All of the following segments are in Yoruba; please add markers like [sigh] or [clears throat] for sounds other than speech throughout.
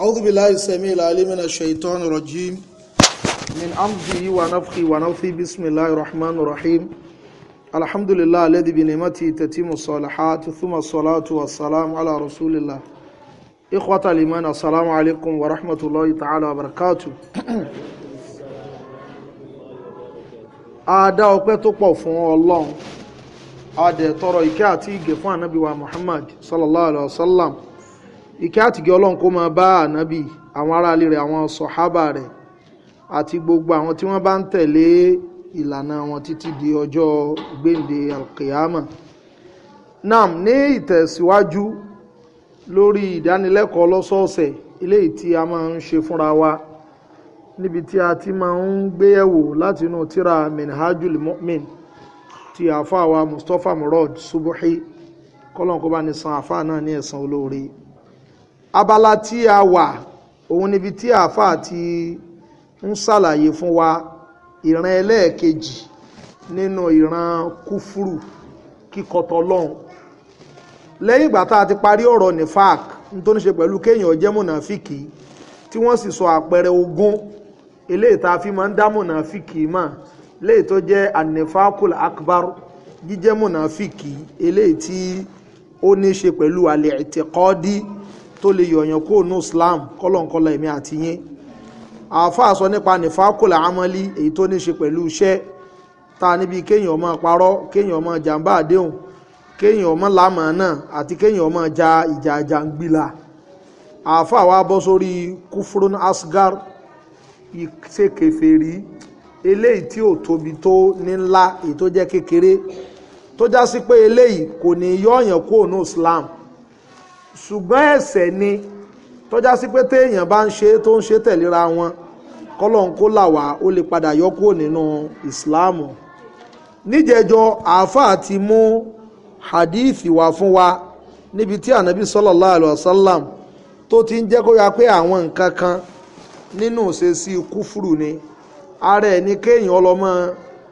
أعوذ بالله السميع العليم من الشيطان الرجيم من أمضه ونفخه ونفثه بسم الله الرحمن الرحيم الحمد لله الذي بنعمته تتم الصالحات ثم الصلاة والسلام على رسول الله إخوة الإيمان السلام عليكم ورحمة الله تعالى وبركاته Adá ọpẹ́ tó pọ̀ fún Ọlọ́run, adẹ̀ tọrọ àti ìgẹ̀ fún ànábì Muhammad sallallahu alaihi wa sallam ìkẹ́ àtìgẹ́ ọlọ́run kó máa bá ànábì àwọn aráalé rẹ̀ àwọn sọ̀hábà rẹ̀ àti gbogbo àwọn tí wọ́n bá ń tẹ̀lé ìlànà wọn títí di ọjọ́ gbéǹde alkiyama nam ní ìtẹ̀síwájú lórí ìdánilẹ́kọ̀ọ́ lọ́sọ̀ọ̀sẹ̀ eléyìí tí a máa ń ṣe fúnra wa níbi tí a ti máa ń gbéyẹ̀wò láti inú tíra minhajul mu'min ti àfáà wa mustapha murad subuhi kọ́lọ́n kó bá ní san àfáà náà ní ẹ̀san olóore abala tí a wà òun níbi tí àáfàá ti ń ṣàlàyé fún wa ìran ẹlẹ́ẹ̀kejì nínú ìran kúfúrù kíkọtọ lọ́hùn lẹ́yìn ìgbà tá a ti parí ọ̀rọ̀ ní fák tó ní ṣe pẹ̀lú kéèyàn jẹ́ mọ̀nàfíkì tí wọ́n sì sọ àpẹẹrẹ ogún eléyìí tá a fi máa ń dá mọ̀nàfíkì mà léyìí tó jẹ́ anifakul akbar jíjẹ́ mọ̀nàfíkì eléyìí tí ó ní ṣe pẹ̀lú àlẹ́ ìtẹ̀kọ́dí tó lè yọ̀yàn kó nù Islam kọ́lọ̀nkọ́lọ̀ èmi àti yín àáfàá sọ nípa nìfàkùlà amọ́lí èyí tó ní ṣe pẹ̀lú iṣẹ́ ta níbi kéèyàn máa parọ́ kéèyàn máa jàǹbá àdéhùn kéèyàn máa lámàánà àti kéèyàn máa ja ìjà àjàngbìlà àáfàá wa bọ́ sórí kufrun asgar ìṣèkèfèrí eléyìí tí ò tóbi tó ní ńlá èyí tó jẹ́ kékeré tó já sí pé eléyìí kò ní yọ̀ọ̀yàn kúrò ní Islam. No ṣùgbọ́n ẹ̀ṣẹ̀ ni tọ́já sí pé téèyàn bá ń ṣe tó ń ṣe tẹ̀léra wọn kọ́lọ́n kó là wá ó lè padà yọ kúrò nínú ìsìláàmù níjẹjọ àáfàá ti mú hadith wá fún wa níbi tí ànábì sallallahu alaihi wasallam tó ti ń jẹ́ kó ya pé àwọn nǹkan kan nínú ìṣesí kúfùrù ni ara ẹ̀ ní kéèyàn ọlọ́mọ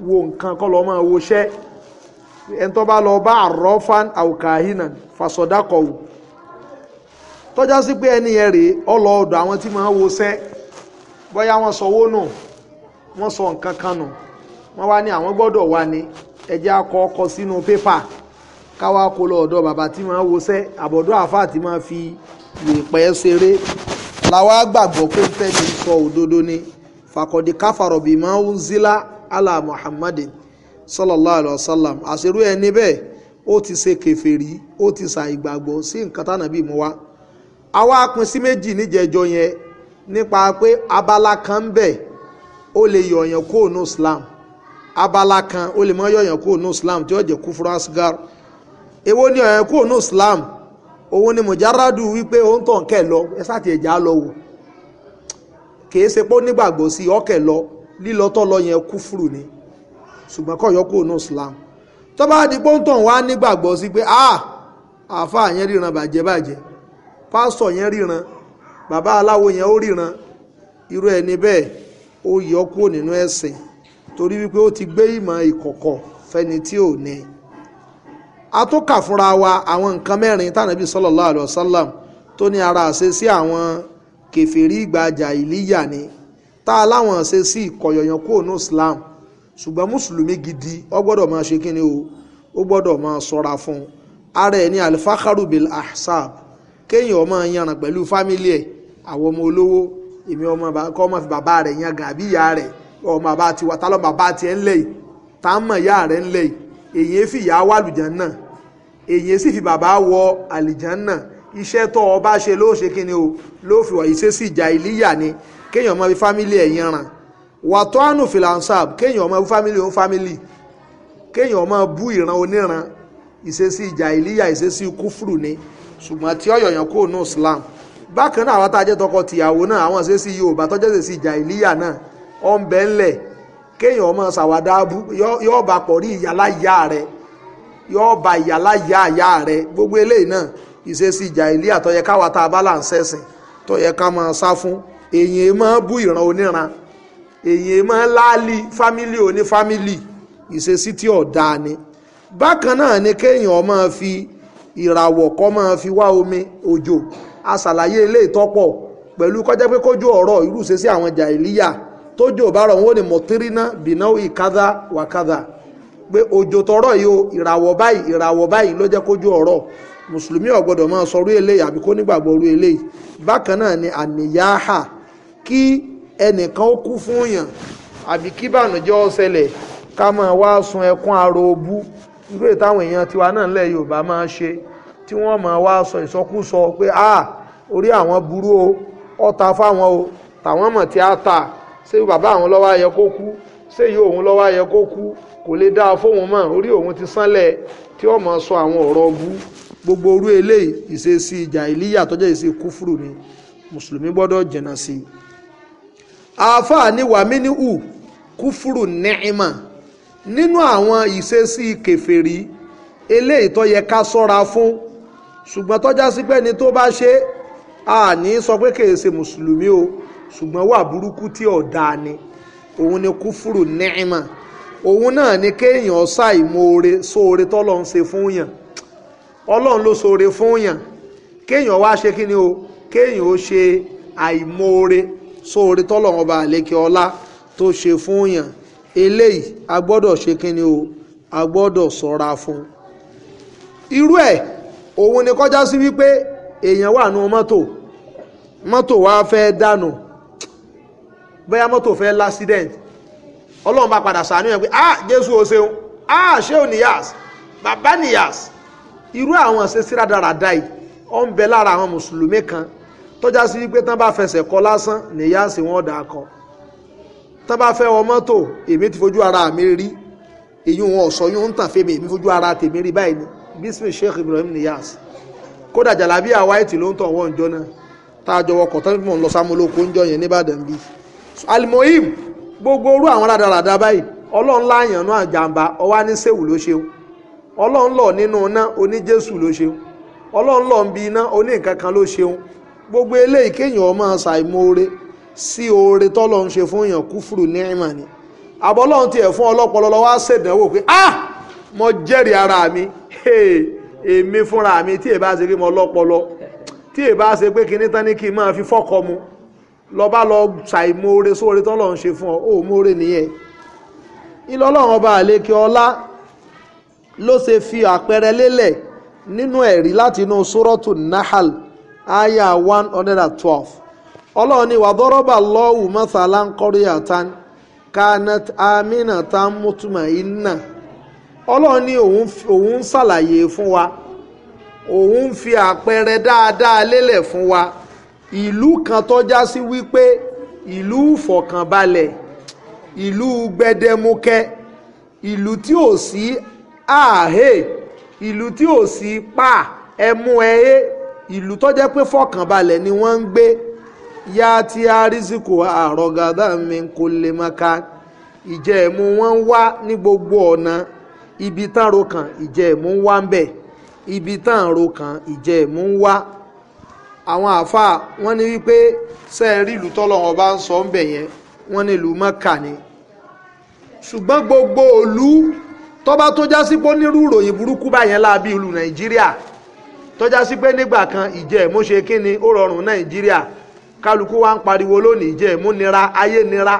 wo nǹkan kọ́ lọ́mọ woṣẹ́ ẹni tó bá lọ bá àrọ́fán àwòkàhínà fàṣọdákọ̀wò tọ́já sí pé ẹni yẹn rèé ọlọ ọ̀dọ̀ àwọn tí máa ń wo sẹ́ bóyá wọ́n sanwó nù wọ́n sọ nǹkan kan nù wọ́n wá ní àwọn gbọ́dọ̀ wá ní ẹjẹ́ akọ ọkọ sínú pépà káwá kó lọ ọ̀dọ̀ bàbá tí máa ń wo sẹ́ àbọ̀dọ̀ àfáà tí máa fi yèèpẹ̀ ṣeré làwa gbàgbọ́ pé ń tẹ́ni sọ òdodo ni fàkọ̀dé káfàrọ̀ bíi máa ń zílá àlà muhammadin sallallahu alayhi wa sallam àṣírú ẹni bẹ́ẹ̀ ó ti ṣe kèfèrí ó ti àwa pín sí méjì níjẹjọ yẹn nípa pé abala kan bẹ̀ ó lè yọ̀yàn kó nù Islam abala kan ó lè mọ yọ̀yàn kó nù Islam tí ó jẹ́ kúfúrú asgar èwo ni yọ̀yàn kó nù Islam òun ni mujaradu wípé ó ń tàn kẹ́ lọ ẹ sáàtì ẹ̀já lọ wò kì í ṣe pé ó nígbàgbọ́ sí ọkẹ́ lọ lílọ tó lọ yẹn kúfúrú ni ṣùgbọ́n kọ́ yọ kó nù Islam tó bá di pé ó ń tàn wá nígbàgbọ́ sí pé ah àáfàá yẹn ríran bàjẹ́ bàjẹ́ pásítọ̀ yẹn ríran bàbá aláwo yẹn ó ríran irú ẹni bẹ́ẹ̀ ó yọ kúrò nínú ẹ̀sìn torí wípé ó ti gbé ìmọ̀ ìkọ̀kọ̀ fẹ́ni tí ò ní a fúnra wa àwọn nǹkan mẹ́rin tánàbí sallallahu alaihi wasallam tó ní ara àṣẹ sí àwọn kèfèrí ìgbàjà ìlíyà ni tá a láwọn àṣẹ sí ìkọ̀yọ̀yàn kúrò ní Islam ṣùgbọ́n mùsùlùmí gidi ó gbọ́dọ̀ máa ṣe kíni o ó gbọ́dọ̀ máa ṣọ́ra fún ara ẹ̀ ní alifakaru bil ahsab kéèyàn ọmọ yanràn pẹ̀lú fámílì ẹ̀ àwọn ọmọ olówó èmi ọmọ kọ́ ọmọ fi bàbá rẹ̀ yan gàbí ìyá rẹ̀ ọmọ bàbá tiwa tá lọ́ bàbá tiẹ̀ ń lẹ̀ yìí tá mọ̀ ìyá rẹ̀ ń lẹ̀ èyí fi ìyá wà lùjàn náà èyí sì fi bàbá wọ àlìjàn náà iṣẹ́ tó ọba ṣe ló ṣe kí ni o ló fi wà yìí ṣe sí ìjà ìlíyà ni kéèyàn ọmọ fi fámílì ẹ̀ yanràn wàtọ́ àánú filansab kéèyàn ọmọ bu fámìlì òun fámìlì kéèyàn ọmọ bu ìran oníran ìṣesí ìjà ìlíyà ìṣesí kúfùrù ni ṣùgbọ́n tí ọ̀yọ̀yàn kò ní Islam bákan náà àwọn tọkọ tìyàwó náà àwọn ṣe sí Yorùbá tọ́jọ́ ṣe sí ìjà ìlíyà náà ọ̀ ńlẹ̀ kéèyàn ọmọ bá pọ̀ rí ìyáláyà rẹ̀ gbogbo eléyìí náà ìṣesí ìjà ìlíyà tọ́yẹ káwa tá a bá là ń èyí máa bú ìran oníran èyí máa láàlì fámílì oní fámílì ìṣesí ìràwọ̀ kọ́ máa fi wá omi òjò aṣàlàyé ilé ìtọ́pọ̀ pẹ̀lú kọjá pé kójú ọ̀rọ̀ irú ṣe sí àwọn jàìlíyà tójú ọ̀bárọ̀ wọn ò ní mọ̀tírínà bìnà ìkádà wàkádà pé òjò tọrọ yìí o ìràwọ̀ báyìí ìràwọ̀ báyìí ló jẹ́ kójú ọ̀rọ̀ mùsùlùmí ò gbọ́dọ̀ máa sọrú eléyìí àbí kó nígbàgbọ́ orú eléyìí bákan náà ni àníyáhà kí ẹnìkan ó kú fún yàn àbí kí bànújẹ́ ó ká máa wá sun ẹkún ara irú ìtàwọn èèyàn tiwa náà lẹ̀ Yorùbá máa ṣe tí wọ́n máa wá sọ ìsọkúsọ pé a orí àwọn burú o ọta fáwọn o tàwọn mọ̀ tí a ta ṣé bàbá àwọn lọ́wọ́ ayẹ kó kú ṣé yìí òun lọ́wọ́ ayẹ kó kú kò lè dáa fóun mọ̀ orí òun ti sánlẹ̀ tí wọ́n máa sọ àwọn ọ̀rọ̀ bú gbogbo orú eléyìí ìṣesí ìjà ìlíyà tó ìṣe kúfùrù ni mùsùlùmí gbọ́dọ̀ jìnnà sí i àáfàá ni wàmí ní hù kúfùrù nìímà nínú àwọn ìṣesí kèfèrí eléyìí tó yẹ ká sọ́ra fún ṣùgbọ́n tọ́já sí pé ni tó bá ṣe a ní sọ pé kì ṣe mùsùlùmí o ṣùgbọ́n wà burúkú tí ò ni òun ni kúfùrù nẹ́ẹ̀mà òun náà ni kéèyàn ṣàìmoore sóore tọ́lọ́run ṣe fún yàn ọlọ́run ló ṣoore fún yàn kéèyàn wá ṣe kí ni o kéèyàn ó ṣe àìmoore sóore tọ́lọ́run ọba àlékè ọlá tó ṣe fún yàn eléyìí a gbọ́dọ̀ ṣe kínni o a gbọ́dọ̀ sọ́ra fún irú ẹ̀ òun ni kọjá sí wípé èèyàn wà nù mọ́tò mọ́tò wa fẹ́ dànù bóyá mọ́tò fẹ́ lásìdẹ̀ǹtì ọlọ́run bá padà sàánú yẹn pé ah jésù o ṣeun ah ṣé ò níyàs bàbá níyàs irú àwọn ṣẹ́síra dáradá yìí ó ń bẹ lára àwọn mùsùlùmí kan tọ́já sí wípé tán bá fẹsẹ̀ kọ lásán níyàs wọn dà á kan tó bá fẹ́ wọ mọ́tò èmi ti fojú ara mi rí èyí wọn ọ̀sọ́ yóò ń tàn fèmí èmi fojú ara tèmi rí báyìí ni bismi Sheikh Ibrahim Niyas kódà jàlábí àwa ètì ló ń tàn wọ́n ìjọ náà tá a jọ wọkọ̀ tán mọ̀ ń lọ sámúlòkó ń jọ yẹn nìbàdàn bíi alimohim gbogbo orú àwọn rádaràdà báyìí ọlọ́run láàyàn náà jàǹbá ọwá ní sẹ́wù ló ṣeun ọlọ́run lọ nínú iná oní jésù ló ṣeun ọlọ́run lọ ń iná oní nǹkan kan ló ṣeun gbogbo eléyìí kéèyàn ọmọ ṣàìmoore sí oore tọ́lọ̀ ń ṣe fún èèyàn kúfùrù ní ìmọ̀ ni àbọ̀lọ́run tiẹ̀ fún ọlọ́pọ̀lọ́ lọ́wọ́ ṣèdánwò pé ah mo jẹ́rìí ara mi èmi fúnra mi tí èbá ṣe pé mo lọ́pọ̀lọ́ tí èbá ṣe pé kinní tán ní kí n máa fi fọ́kọ mu lọ́ba lọ ṣàìmoore sóore tọ́lọ̀ ń ṣe fún ọ ò moore nìyẹn ìlọ́lọ́run ọba àlékè ọlá ló ṣe fi àpẹẹrẹ lélẹ̀ nínú ẹ̀rí láti inú sórọ́tù nahal aya one hundred and twelve ọlọ́run ní wàdọ́rọ́bà lọ́wù mọ́sálá ń kọ́rí àtàn kanat amina ta mutuma iná ọlọ́run ní òun ń ṣàlàyé fún wa òun ń fi àpẹẹrẹ dáadáa lélẹ̀ fún wa ìlú kan tó sí wípé ìlú ìfọ̀kànbalẹ̀ ìlú gbẹdẹmukẹ ìlú tí ò sí àhẹ ìlú tí ò sí pa ẹmú ẹyẹ ìlú tó pé fọ̀kànbalẹ̀ ni wọ́n ń gbé yá tí arísìkò àrọ̀gàdá mi kò lè má ka ìjẹ̀mú wọn wá ní gbogbo ọ̀nà ibi tán ro kan ìjẹ̀mú wá ń bẹ̀ ibi tán ro kan ìjẹ̀mú wá àwọn àáfàá wọn ní wípé sẹ́ẹ̀rí ìlú tọ́lọ́wọ́n bá ń sọ ń bẹ̀ yẹn wọn ní ìlú mọ́kà ni ṣùgbọ́n gbogbo òlú tọ́ba tó já sí pé onírú ìròyìn burúkú báyẹn láàbí ìlú nàìjíríà tọ́já sí pé nígbà kan ìjẹ̀mú ṣe kíni ó rọrùn nàìjíríà kálukú wa ń pariwo lónìí jẹ́ ìmúnira ayé nira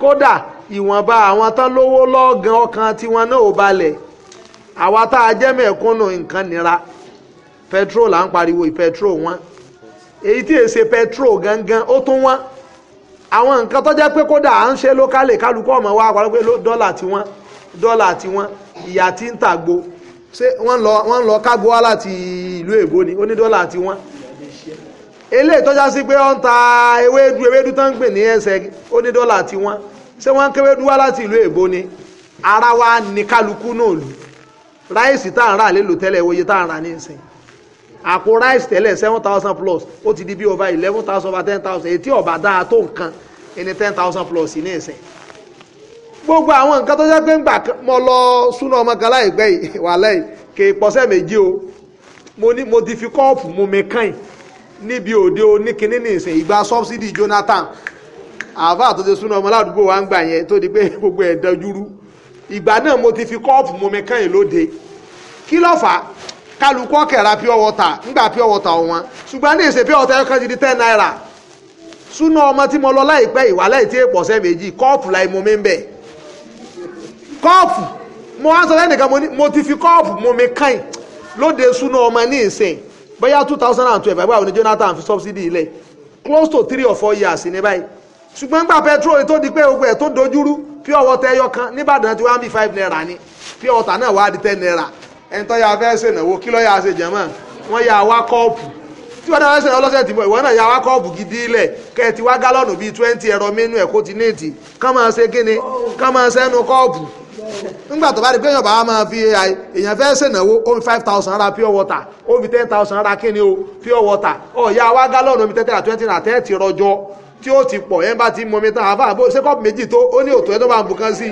kódà ìwọ̀nba àwọn tán lówó lọ́ọ̀gán ọkàn tiwọn náà ò balẹ̀ àwa tá a jẹ́ mẹ̀kúnnù nǹkan nira petrol à ń pariwo ìpetrol wọn èyí tí èsè petrol gangan ó tún wọ́n àwọn nǹkan tó jẹ́ pé kódà à ń ṣe lókàlè kálukú ọmọ wa àpárá pé dọ́là tiwọn dọ́là tiwọn ìyá tí ń tàgbo ṣé wọ́n lọ kágbó wá láti ìlú èbó ni ó ní dọ́là tiwọn eléyìí tọ́já sí pé wọ́n ń ta ewédú ewédú tó ń gbìn ní ẹsẹ̀ onídọ́là tiwọn ṣé wọ́n ń kéwédú wá láti ìlú èbó ni ara wa ní kálukú náà lù ráìsì tá à ń rà lélo tẹ́lẹ̀ oye tá à ń rà ní ìsìn àpò ráìsì tẹ́lẹ̀ seven thousand plus ó ti di bí over eleven thousand over ten thousand ètí ọ̀bà dáa tó nǹkan ẹni ten thousand plus ní ìsìn gbogbo àwọn nǹkan tó jẹ́ pé ń gbà mọ́ lọ súná ọmọ kan láìpẹ́ yìí [laughs] wà lẹ́yìn kì í pọ́sẹ̀ méjì o mo ti fi kọ́ọ̀pù mu mi kàn yìí níbi òde oníkinní nìsín ìgbà sọ́bsidì Jonathan àáfàá tó ṣe súná ọmọ ládùúgbò wa ń gbà yẹn tó di pé [laughs] gbogbo ẹ̀ dojúrú ìgbà náà mo ti fi kọ́ọ̀pù mọ́mi kan yìí lóde kí ló fà á kálukú ọ̀kẹ́ra pure water ńgbà pure water wọn ṣùgbọ́n ní ìṣe pure water yẹn ti di ten naira súná ọmọ tí mo lọ láìpẹ́ ìwàlẹ̀ tí èèpọ̀ sẹ́ méjì kọ́ọ̀pù láì mọ́mi ń bẹ̀ kọ́ọ̀pù mo wá sọ lẹ́nìkan mo ti fi kọ́ọ̀pù mọ́mi kan yìí lóde súná ọmọ ní ìsìn bóyá two thousand and twelve àgbà òní Jonathan fi subsidy ilẹ̀ close to three or four years ní báyìí ṣùgbọ́n gba petrol tó di pé ogun ẹ̀ tó dojúrú pure water ẹyọ kan nìbàdàn tí wọ́n á bí five naira ní pure water náà wá di ten naira ẹni tó yà fẹ́ ṣènáwó kí lọ́ọ́ yà ṣe jẹ̀mọ́ wọ́n yà wá kọ́ọ̀pù tí wọ́n náà ṣe ọlọ́sẹ̀ tìbọ̀ ìwọ náà yà wá kọ́ọ̀bù gidi ilẹ̀ kẹ́ ẹ ti wá gálọ́ọ̀nù bíi twenty ẹ̀rọ mẹ́nu ẹ̀ kó ti ní ìtì kán máa ṣe kíni kán máa ṣẹ́nu kọ́ọ̀bù nígbà tó bá rí pé èèyàn bá máa fi èèyàn fẹ́ ṣènáwó ó fi five thousand ra pure water ó fi ten thousand ra kíni o pure water ọ̀ya wá gálọ́ọ̀nù omi tẹ́tẹ́ra twenty ra tẹ́ẹ̀tì rọjọ́ tí ó ti pọ̀ ẹ̀ ń bá ti mọmi tán àfa àbó ṣé kọ́ọ̀pù méjì tó ó ní òtún ẹ̀ tó máa bù kán sí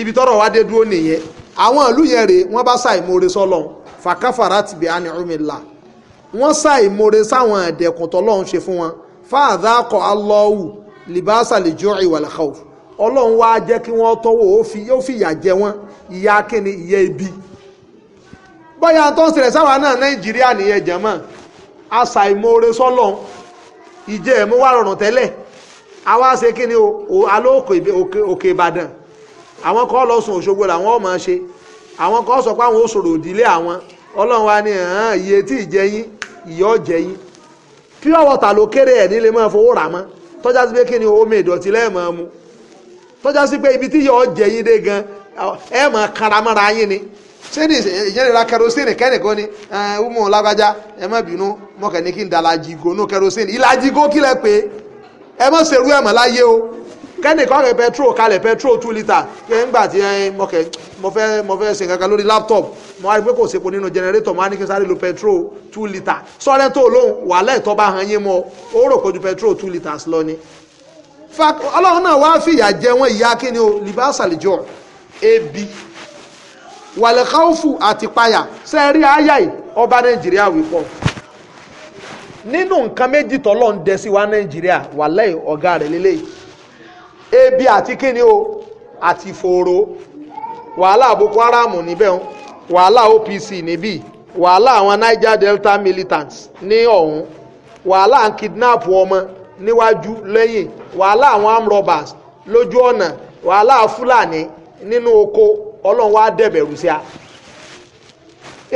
ibi tọ́rọ̀ wá dé dúró nìyẹn àwọn ìlú yẹn rèé wọ́n bá ṣàìmoore sọ́lọ́n fàkàfàrà tìbí ànìrúmìlà wọ́n ṣàìmoore sáwọn ẹ̀dẹ̀kùn tọ́lọ́run ṣe fún wọn fáàdà kọ́ alọ́wù libasa lè jọ́ ìwàlẹ̀ khawf ọlọ́run wá jẹ́ kí wọ́n tọ́wọ́ yóò fi ìyà jẹ wọ́n ìyà kíni ìyà ibi bóyá tó ń ṣẹlẹ̀ sáwà náà nàìjíríà nìyẹn jẹ̀mọ́ àṣà ìmoore sọ́lọ́run ìjẹ́ ẹ̀mú wà rọrùn tẹ́lẹ̀ àwa ṣe kíni o alóòkè òkè ìbàdàn àwọn kan lọ sùn òṣogbo làwọn ọmọ ṣe àwọn kan sọ pé àwọn òṣòro òdílé àwọn ọlọ́run wa ni hàn iye tí ìjẹyìn ìyọ́ jẹyìn pure water ló kéré ẹ̀ nílé máa fowó rà mọ́ tọ́já sí pé kíni omi ìdọ̀tí lẹ́ẹ̀ máa mu tọ́já sí pé ibi tí yọ ọ jẹ yín dé gan ẹ mọ̀ karamara yín ni sẹ́ni ìjẹ́nira kẹrosínì kẹ́nìkan ni ọmọ lágbájá ẹ má bínú ní kí n dàlàjì ìgò ìlàjì pé ẹ má mọ̀ láyé o kẹ́nìkan petrol kalẹ̀ petrol two litre ńgbà tí mọ̀kẹ́ fẹ́ fẹ́ ṣe lórí laptop pé kò sepo nínú generator ní kí n sáré lo petrol two litre sọ́rẹ́ tó lóhùn o rò petrol two litres lọ ni ọlọ́run náà wá fìyà jẹ wọn ìyà kíni o libasa lejò ebi wàlẹ̀káwùfù àtìpayà sẹ́ẹ̀rí àyà yìí ọba nàìjíríà wípọ̀ nínú nǹkan méjì tọ́lọ́ ń dẹ sí wa nàìjíríà wàlẹ́ ọ̀gá rẹ̀ lélẹ́yìí ebi àti kíni o àti fòòró wàhálà boko haram níbẹ̀ ń wàhálà opc níbí wàhálà àwọn niger delta militants ní ọ̀hún wàhálà ń kidnap ọmọ níwájú lẹ́yìn wàhálà àwọn amrobas lójú ọ̀nà wàhálà fúlàní nínú oko ọlọ́run wá dẹ̀bẹ̀rù sí a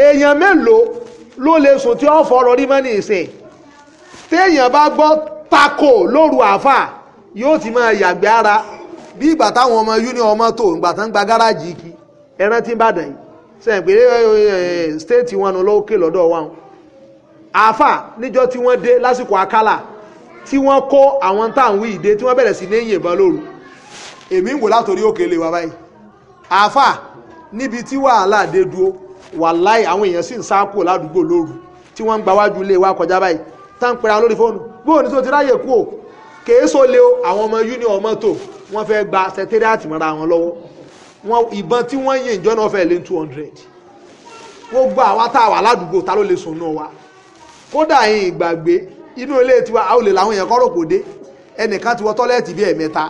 èèyàn mélòó ló lè sùn tí wọ́n fọ̀rọ̀ rí mọ́ni ìsìn téèyàn bá gbọ́ tako lóru àáfà yóò ti máa yàgbé ara bí ìgbà táwọn ọmọ union ọmọ tó ìgbà tán gba gáràjì kí ẹran tí ń bàdàn yìí sẹ́yìn pé stéètì wọn ló kè lọ́dọ̀ wọn àáfà níjọ́ tí wọ́n dé lásìkò àkàlà tí wọ́n kó àwọn táwọn ìdè tí wọ́n bẹ̀rẹ̀ sí ní yìnbọn lóru èmi ń wò látòrí òkèlè wa báyìí àáfà níbi tí wàhálà dé dúró wàláì àwọn èèyàn sì ń sá kúrò ládùúgbò lóru tí wọ́n ń gba wájú ilé wa kọjá báyìí tá ń pera lórí fóònù bóòní tó ti ráyè kú o kèéso le o àwọn ọmọ yúni ọmọ tó wọ́n fẹ́ gba sẹtẹ́rìàtì mọ́ra wọn lọ́wọ́ ìbọn tí wọ́n yìn ìjọ fẹ́ lé two hundred wọ́n gbọ́ àwa tá a wà ládùúgbò ta ló lè sùn náà wa kódà yín ìgbàgbé inú ilé tiwa a ò làwọn èèyàn kọ́rọ̀ kò dé ẹnìkan ti wọ tọ́lẹ́ẹ̀tì bíi ẹ̀mẹ́ta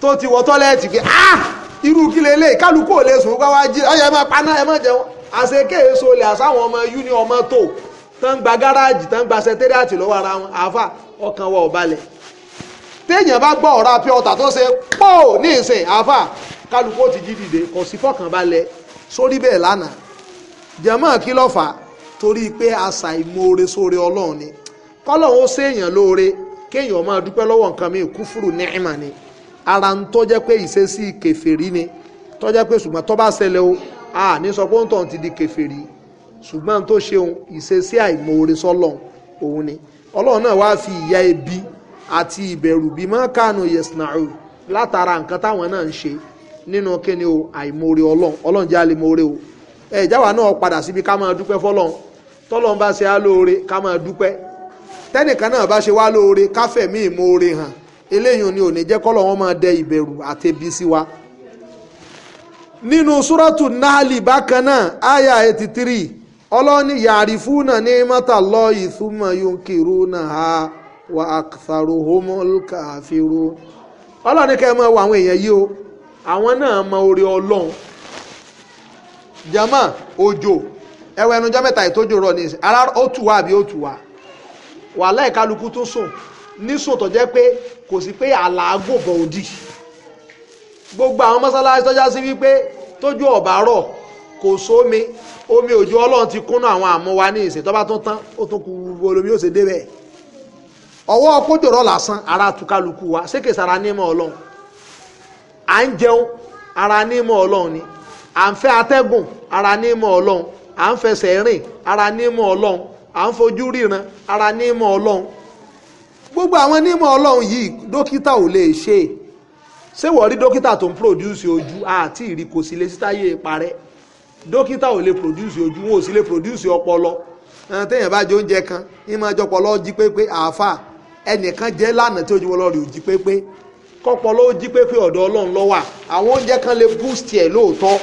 tó ti wọ tọ́lẹ́ẹ̀tì bíi ah irú kí lè lè kálukú ò lè sùn wá wá jí ọyọ ẹ máa paná ẹ máa jẹun àṣekè èso lè àṣàwọn ọmọ yúni ọmọ tó tán gba gba lọ́wọ́ ara wọn àáfà ọkàn wa ò téèyàn bá gbọ́ ọ̀rá pé ọ̀tà tó ṣe pọ̀ ní ìsìn àáfà kálukú ti jí dìde kò sí fọkànbalẹ̀ torí pé àṣà ìmoore sóore ọlọ́run ni kọ́lọ́run ó séèyàn lóore kéèyàn ọmọ dúpẹ́ lọ́wọ́ nǹkan mi kúfùrù ni'ima ni ara ń tọ́jẹ́ pé ìṣesí ni tọ́jẹ́ pé ṣùgbọ́n tó bá o a ní sọ pé ó ń tàn ti di ṣùgbọ́n tó ìṣesí àìmoore ni ọlọ́run náà wáá fi ìyá ebi àti ìbẹ̀rù látara nǹkan táwọn náà ń nínú kíni o àìmoore ọlọ́run tọ́lọ́n bá ṣe á lóore ká máa dúpẹ́ tẹ́nìkan náà bá ṣe wá lóore káfẹ̀mí ìmoore hàn eléyìí ni ò ní jẹ́ de wọn máa dẹ ìbẹ̀rù àtẹ̀bí sí wa. nínú súrọ́tù náàlì bákan náà àyà eighty three ọlọ́ni yàrífù náà ní mọ́tà lọ ìtumọ̀ yunkiru náà wà àkàrò homolka àfihàn. ọlọ́ni kẹ́ ẹ àwọn o àwọn náà mọ ọlọ́run jama ojo. ẹwọ ẹnujọ́ mẹ́ta ìtọ́jú rọ ní ara ó tù wá àbí ó tù wá wàhálà ìkálukú tún sùn nísùn tó pé kò sí pé òdì gbogbo àwọn mọ́sálásí tọ́já sí wípé tójú ọ̀bá rọ̀ kò sómi omi òjò ọlọrun ti kúnnà àwọn àmú wa ní ìsìn tó tán ó tún ara wa sara ara ọlọrun ni à ara ọlọrun. à ń fẹsẹ̀ rìn ara nímọ̀ ọlọ́run à ń fojú ríran ara nímọ̀ ọlọ́run gbogbo àwọn nímọ̀ ọlọ́run yìí dókítà ò lè ṣe é ṣé wọ́n rí dókítà tó ń produce ojú àti ìrì kò sítáyé parẹ́ dókítà ò lè produce ojú wọn ò sì lè produce ọpọlọ téèyàn bá jẹ oúnjẹ kan ìmọ̀ ẹjọ́ pọlọ jí pépé àáfà ẹnìkan jẹ́ lánàá tí ojúmọ́ lọ́ọ́ rí òjí pépé kọ́pọlọ ó jí pépé ọ̀dọ̀ ọlọ́run ló wà àwọn oúnjẹ kan lè boost ẹ̀ lóòótọ́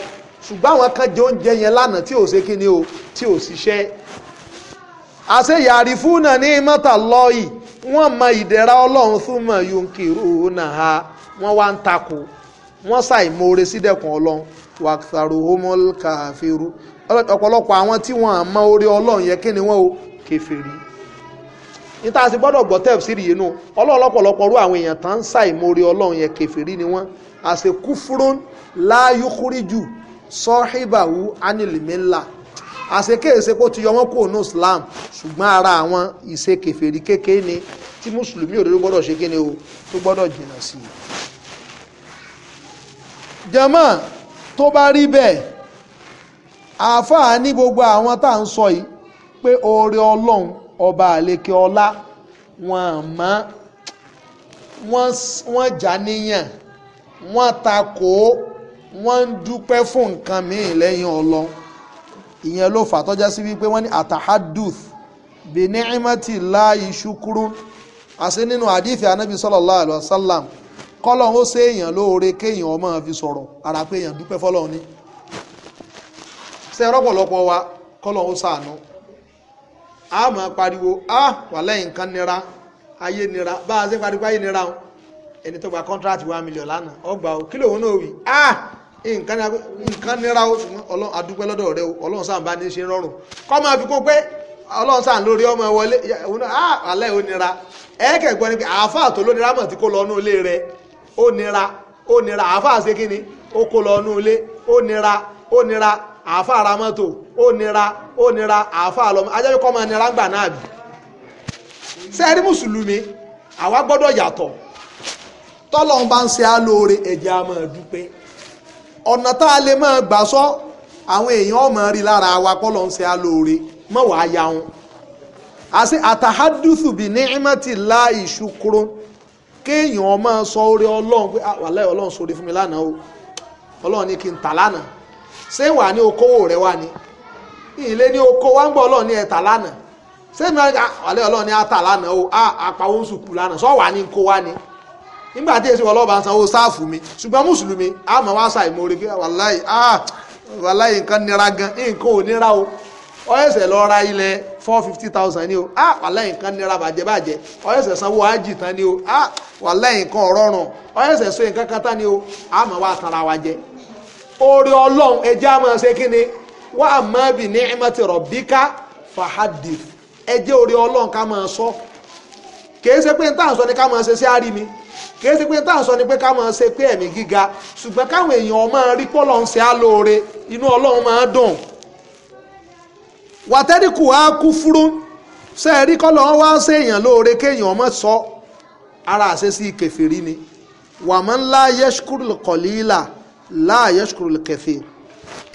ṣùgbọ́n àwọn kan jẹ oúnjẹ yẹn lánàá tí ò ṣe kí ni o tí ò ṣiṣẹ́ àṣeyàrí fúnà ní mọ́tà lọ́ọ̀yì wọ́n mọ ìdẹ̀ra ọlọ́run súnmọ́ yunkiru náà wọ́n wá ń takò wọ́n ṣàìmoore sídẹ̀kùn ọlọ́run wàkàrò homol kàfẹ́rú ọ̀pọ̀lọpọ̀ àwọn tí wọ́n mọ orí ọlọ́run yẹn kí ni wọ́n o kèfèrí níta sí gbọ́dọ̀ gbọ́ tẹ́ẹ̀ sí ìrìyé nù ọlọ́run lọ́pọ̀lọpọ̀ rú àwọn èèyàn tán ṣàìmoore ọlọ́run yẹn kèfèrí ni wọ́n àṣekúfúrún láyúkúríjù sọ́híbàwú anilmila àṣekéèṣe kó ti yọ wọn kúrò ní Islam ṣùgbọ́n ara àwọn ìṣe kèfèrí kékeré ni tí mùsùlùmí òdodo gbọ́dọ̀ ṣe kéne o tó gbọ́dọ̀ jìnnà sí i. jama tó bá rí bẹ́ẹ̀ àáfàá ní gbogbo àwọn tá à ń sọ yìí pé oore ọlọ́run ọba àlekè ọlá wọn mọ́ wọ́n já níyàn wọ́n ta kò ó wọ́n ń dúpẹ́ fún nǹkan míì lẹ́yìn ọlọ ìyẹn ló fà tọ́já sí wípé wọ́n ní atahaduth bìnníìmọ́tì láàyè ṣukuru àṣẹ nínú àdìfẹ anábì sallallahu alaihi wasallam kọ́lọ́hún ó ṣe èèyàn lóore kéèyàn ọmọ fi sọ̀rọ̀ ara pé èèyàn dúpẹ́ fọ́lọ́hún ni ṣe rọ́pọ̀lọpọ̀ wa kọ́lọ́hún ó ṣàánú a pariwo a wà lẹ́yìn nǹkan nira ayé nira bá a ṣe pariwo ayé nira o ẹni tó gba contract one million lánàá ọgbà o kí lòun náà wí ah nǹkan nira o ṣùgbọ́n ọlọ́run adúpẹ́ lọ́dọ̀ rẹ o ọlọ́run sáà bá ní ṣe rọrùn kọ́ máa fi kó pé ọlọ́run sáà lórí ọmọ wọlé òun náà ah alẹ́ ò nira ẹ̀ẹ́kẹ̀ gbọ́ ni pé àáfàá tó ló nira mọ̀ tí kò lọ́nú ilé rẹ ó nira ó nira àáfàá ṣe kí ni ó kò lọ́nú ilé ó nira ó nira àáfàá ra mọ́tò ó nira ó nira àáfàá lọ́mọ ajẹ́bí kọ́ máa nira ń gbà náà bì sẹ́ẹ̀rí mùsùlùmí àwa gbọ́dọ̀ yàtọ̀ tọ́lọ́n bá ń ṣe á lóore ẹ̀jẹ̀ á máa dúpẹ́ ọ̀nà tá lè máa gbà sọ àwọn ọmọ rí lára wa kọ́lọ́ ń ṣe á lóore ya wọn. àṣẹ àtàhádùsù bíi ní ìmọ̀tì láì ṣukúrú kéèyàn máa sọ orí ọlọ́run pé ah, ọlọ́run fún mi lánàá o kí n tà lánàá ṣé wà ní okòwò rẹ wà ní ní wà ní nkó nígbà tí èsì ọlọ́ba sanwó sáàfù mi ṣùgbọ́n mùsùlùmí àmọ́ wá sàì mo pé wàláì ah, wàláì nǹkan nira gan nǹkan ò nira o ọ̀ẹ́sẹ̀ lọ ra ilẹ̀ four fifty thousand ni o ah, wàláì nǹkan nira bàjẹ́ bàjẹ́ ọ̀ẹ́sẹ̀ sanwó ájì tán ni o ah, wàláì nǹkan ọ̀rọ̀rùn ọ̀ẹ́sẹ̀ so nǹkan kan tán ni o àmọ́ wá tara wa jẹ. orí ọlọ́run ẹjẹ́ àmọ́ ṣe kí ni wà á mọ́ bí ní ẹ̀mọ́tì rọ̀bíkà mi kì í ṣe pé táà sọ ni pé ká máa ṣe pé ẹ̀mí gíga ṣùgbọ́n káwọn èèyàn máa rí pọ́lọ̀ ń ṣe á lóore inú ọlọ́run máa dùn wàtẹ́ríkù á kú fúrú ṣe é rí kọ́lọ̀ wọn wá ṣe èèyàn lóore kéèyàn má sọ ara àṣesí kẹfìrí ni wàmọ́ ńlá yẹ́ṣkúrú kọ̀lílà láàyẹ́ṣkúrú kẹfìrí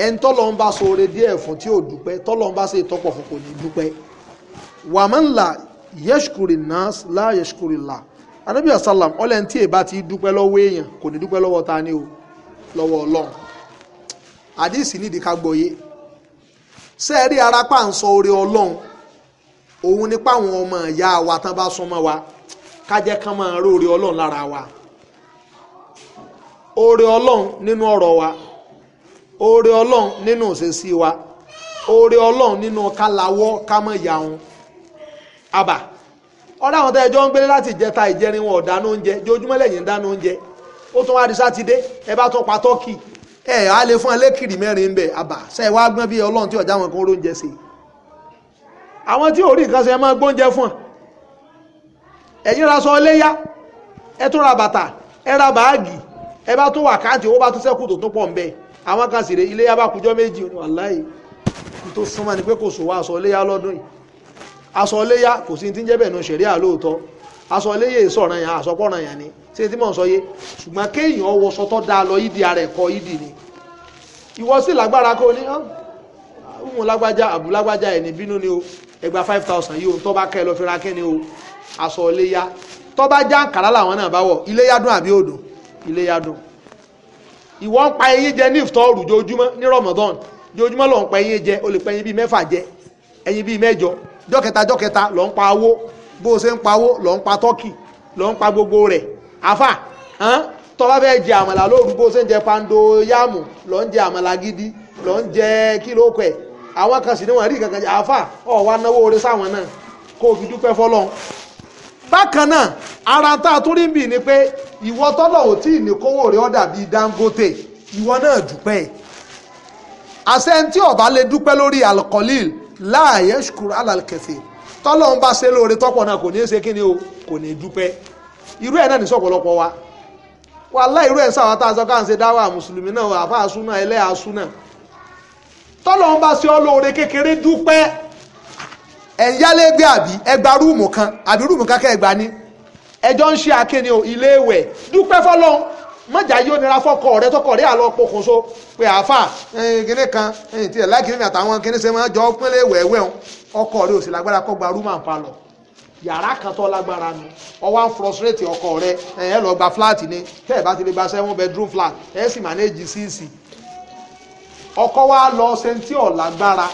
ẹni tọ́lọ́ ń bá ṣoore díẹ̀ fún tí ò dúpẹ́ tọ́lọ́ ń bá ṣe ìtọ́pọ̀ fún kò ní dúpẹ́ wàmọ́nlá yẹ́ṣkúrì náà láyẹ̀ṣkúrì là anabi asalam ọlẹ́ni tí èèbá ti dúpẹ́ lọ́wọ́ èèyàn kò ní dúpẹ́ lọ́wọ́ ta ni o lọ́wọ́ ọlọ́run àdìsí nídìí ká gbọ́yé sẹ́ẹ̀rí arapa ń sọ oore ọlọ́run òun ni páwọn ọmọ ìyá wa tán bá súnmọ́ wa ká jẹ́ kán máa róore ọlọ́run lára wa oore ọlọ́run nínú ọ̀rọ̀ wa oore ọlọ́run nínú òṣèṣì wa oore ọlọ́run nínú ká lawọ́ ká mọ̀ ọ̀rẹ́ àwọn ẹjọ́ ń gbélé láti ijeri ìjẹrin wọn ọ̀dáná oúnjẹ jojúmọ́ lẹ́yìn dáná oúnjẹ ó tún wá di sátidé ẹ bá tún pa tọ́kì ẹ á lè fún ẹlẹ́kìrì mẹ́rin ń bẹ̀ àbà ṣe wá kan sí i àwọn tí nǹkan ṣe ẹ máa ọ ra sọ ọléyá ẹ tún ra bàtà ẹ ra báàgì ẹ bá tún wà káàtì owó bá tún sẹ́kù tó tún pọ̀ àwọn kan sì aṣọ iléyà kò sí ti ń jẹ́ bẹ́ẹ̀ nu ṣẹ̀ríà lóòótọ́ aṣọ iléyà èso ọ̀ràn yẹn àṣọpọ̀ ọ̀ràn yẹn ni ṣé tí mò ń sọ yé ṣùgbọ́n kéèyàn wọṣọ tó dáa lọ yídi ara ẹ̀kọ́ yídi ni ìwọ sì lágbára kó ní ọmọ lágbájá àbú lágbájá ẹ̀ ní bínú ni o ẹgbà five thousand yìí o tó bá kẹ́ ẹ lọ fi ra kíni o aṣọ iléyà tó bá já àǹkàrá làwọn náà bá wọ̀ iléyà dùn àbí òdùn ìwọ ń pa eyín jẹ ní ìfọ̀rù jojúmọ́ ní Ramadan jojúmọ́ ló ń pa eyín jẹ o lè pa eyín bíi mẹ́fà jẹ eyín bíi mẹ́jọ jọ́kẹta jọ́kẹta lọ ń pa awó bó o ṣe ń pa awó lọ ń pa tọ́kì lọ ń pa gbogbo rẹ̀ àfà tọ́ba fẹ́ jẹ àmàlà lóru bó o ṣe ń jẹ pando yáàmù lọ jẹ àmàlà gidi lọ ń jẹ kílò kẹ àwọn kan sì ni wọn rí kankan jẹ àfà ọ̀ wá náwó oore sáwọn náà kó o fi dúpẹ́ fọlọ́n bákan náà ara tá a tún rí bì ni pé ìwọ tọ́lọ̀ ò tí ì ní kówó rẹ̀ ọ̀dà bíi Dangote ìwọ náà dúpẹ́ àṣẹ ń ọ̀bá lè dúpẹ́ lórí alkolil láàyè ṣùkúrú alàlùkẹfẹ tọ́lọ́run bá ṣe lóore tọ́pọ̀ náà kò ní ṣe kíni o kò ní í irú ẹ̀ náà ní wa wàláhì irú ẹ̀ ń sàwọn tá a ṣe dáwà mùsùlùmí náà àfa àsúná ẹlẹ́yà àsúná tọ́lọ́run bá ṣe ọ́ lóore kékeré dúpẹ́ ń yálé gbé àbí mọ̀jà yóò nira fọ́kọ rẹ tọkọ rẹ àlọ́ pokùnso pé àáfà kíní kan tí ẹ̀ láì kíní mi àtàwọn kíní ṣe máa jọ pínlẹ̀ wẹ̀wẹ̀ o ọkọ rẹ ò sì lágbára kọ́ gba rúmà ń palọ̀ yàrá kan tó lágbára ni ọwọ́ à ń frustrate ọkọ rẹ ẹ lọ gba flat ni tẹ́ ẹ bá ti lè gba seven bedroom flat ẹ sì manage síìsì ọkọ wa lọ sentí ọ̀ lágbára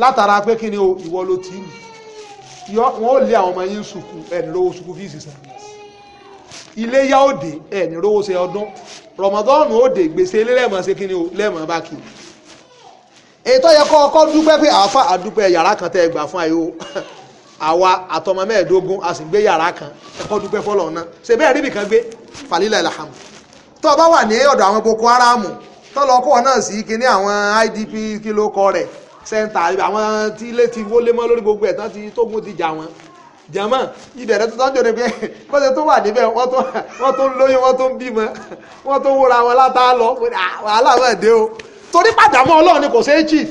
látara pé kíni o ìwọ ló ti lù wọn ò lé àwọn ọmọ yín sùkú ẹ̀ lówó sùkú fíìsì sàn iléyá òde ẹ̀ ní rówó ṣe ọdún rọmọdọ́ọ̀nù òde gbèsè ilé lẹ́mọ̀ ṣe kíni o lẹ́mọ̀ bá kì í ètò yẹ kọ́ ọkọ́ dúpẹ́ pé àáfà àdúpẹ́ yàrá kan tẹ́ ẹ gbà fún àyò [laughs] àwa àtọmọ mẹ́ẹ̀ẹ́dógún a sì gbé yàrá kan ẹkọ́ dúpẹ́ fọlọ́ náà ṣe bẹ́ẹ̀ rí ibìkan gbé falilẹ̀ alhamdu tó o bá wà ní ọ̀dọ̀ àwọn boko haram tó lọ kọ́ náà sí kíní àwọn idp kí ló kọ rẹ̀ sẹ́ńtà àwọn tí ilé ti wọlé mọ́ lórí gbogbo ẹ̀ tán ti tógun ti jà wọ́n jama ìbẹ̀rẹ̀ tó tọ́jú ni pé wọ́n ti tún wà níbẹ̀ wọ́n tún lóyún wọ́n tún bímọ wọ́n tún wúra wọn látà lọ ah, wàhálà wọn dé o torí pàjámọ́ ọlọ́run ni kò ṣeé cheat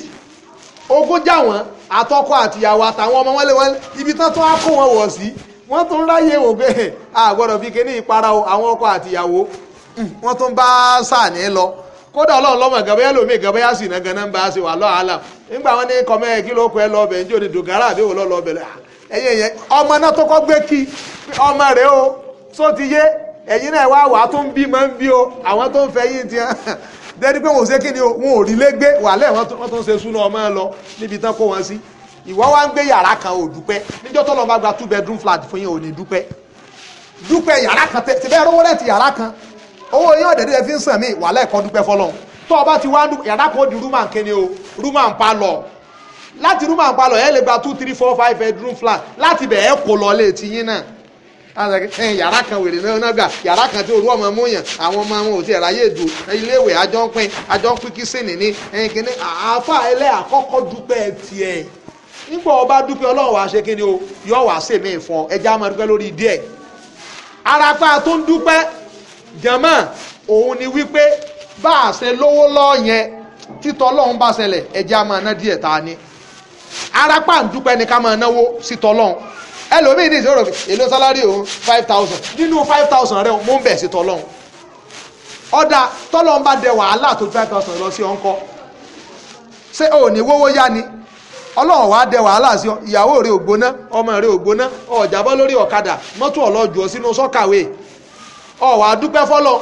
ogún já wọn àtọkọ àtìyàwó àtàwọn ọmọ wọn lé wọn ibi tán tó á kó wọn wọ̀ sí wọ́n tún ráyè wò pé àgbọ̀dọ̀ fi kíní ìpara o àwọn ọkọ àtìyàwó hmm, wọ́n tún bá sàní lọ kódà ọlọ́run lọ́mọ gàbẹ́yà lómi gàbẹ́yà sì náà ganan bá a ṣe wà lọ́ọ́ àlà nígbà wọn ní kọ́mẹ́ kí ló kọ́ ẹ lọ́ọ́ bẹ̀ ń jò ní dògárà àbí wò lọ́ọ́ lọ́ọ́ ẹ̀yẹ yẹn ọmọ náà tó kọ́ kí ọmọ rẹ̀ o tó ti yé ẹ̀yin náà wá wàá tó ń bí máa ń bí o àwọn tó ń fẹ yín ti hàn [laughs] dẹ́ni pé wọn ò ṣe kí ni o wọn ò rí gbé wọn tó ń ṣe ọmọ ẹ lọ níbi tán kó wọn sí ìwọ kan ò tó flat fún yín ò ní kan tẹ rówó ti kan owó yín ọ̀dẹ̀dẹ̀ fi ń sàn mí wàhálẹ̀ tó o bá ti wá yàrá kan ó di rúmà o rúmà ń lọ láti rúmọ̀ àpalọ̀ ẹ̀ lè gba two three four five bedroom flat láti bẹ̀ ẹ̀ kò lọ lé tiyín náà ẹ̀yìn yàrá kan wèrè náà náà gbà yàrá kan tí orú ọmọ mú yàn àwọn ọmọ wọn ò ti ẹ̀ráyè èdò iléèwé àjọpin àjọpin kìsìnì ní ẹ̀yìn kìíní àáfà ẹlẹ́ àkọ́kọ́ dúpẹ́ tiẹ̀ nígbà ọba dúpẹ́ ọlọ́run wàá ṣe kíni o yọ wàá ṣe mí fún ọ ẹja máa dúpẹ́ lórí díẹ̀ arapa tó ń dúpẹ́ jẹ̀mọ́ òun ni wípé bá a ṣe lówó lọ́ọ̀yẹn títọ́ ọlọ́run bá ṣẹlẹ̀ ẹja máa ná díẹ̀ ta ni arapa ń dúpẹ́ ni ká máa náwó sí tọ́lọ́hún ẹlòmíì ní ìṣòro èlò sálárì òun five thousand nínú five thousand rẹ mo ń bẹ̀ sí tọ́lọ́hún ọ̀dà tọ́lọ́hún bá dẹ wàhálà tó five thousand lọ sí ọ̀ńkọ́ ṣé o ní wówó yá ni ọlọ́run wàá dẹ wàhálà sí ọ ìyàwó rẹ ò gbóná ọmọ rẹ ò gbóná ọ̀jàbọ́ lórí ọ̀kadà mọ́tò ọlọ́jù ọ sínú sọ́kàwé ọ̀wà dúpẹ́ fọ́lọ́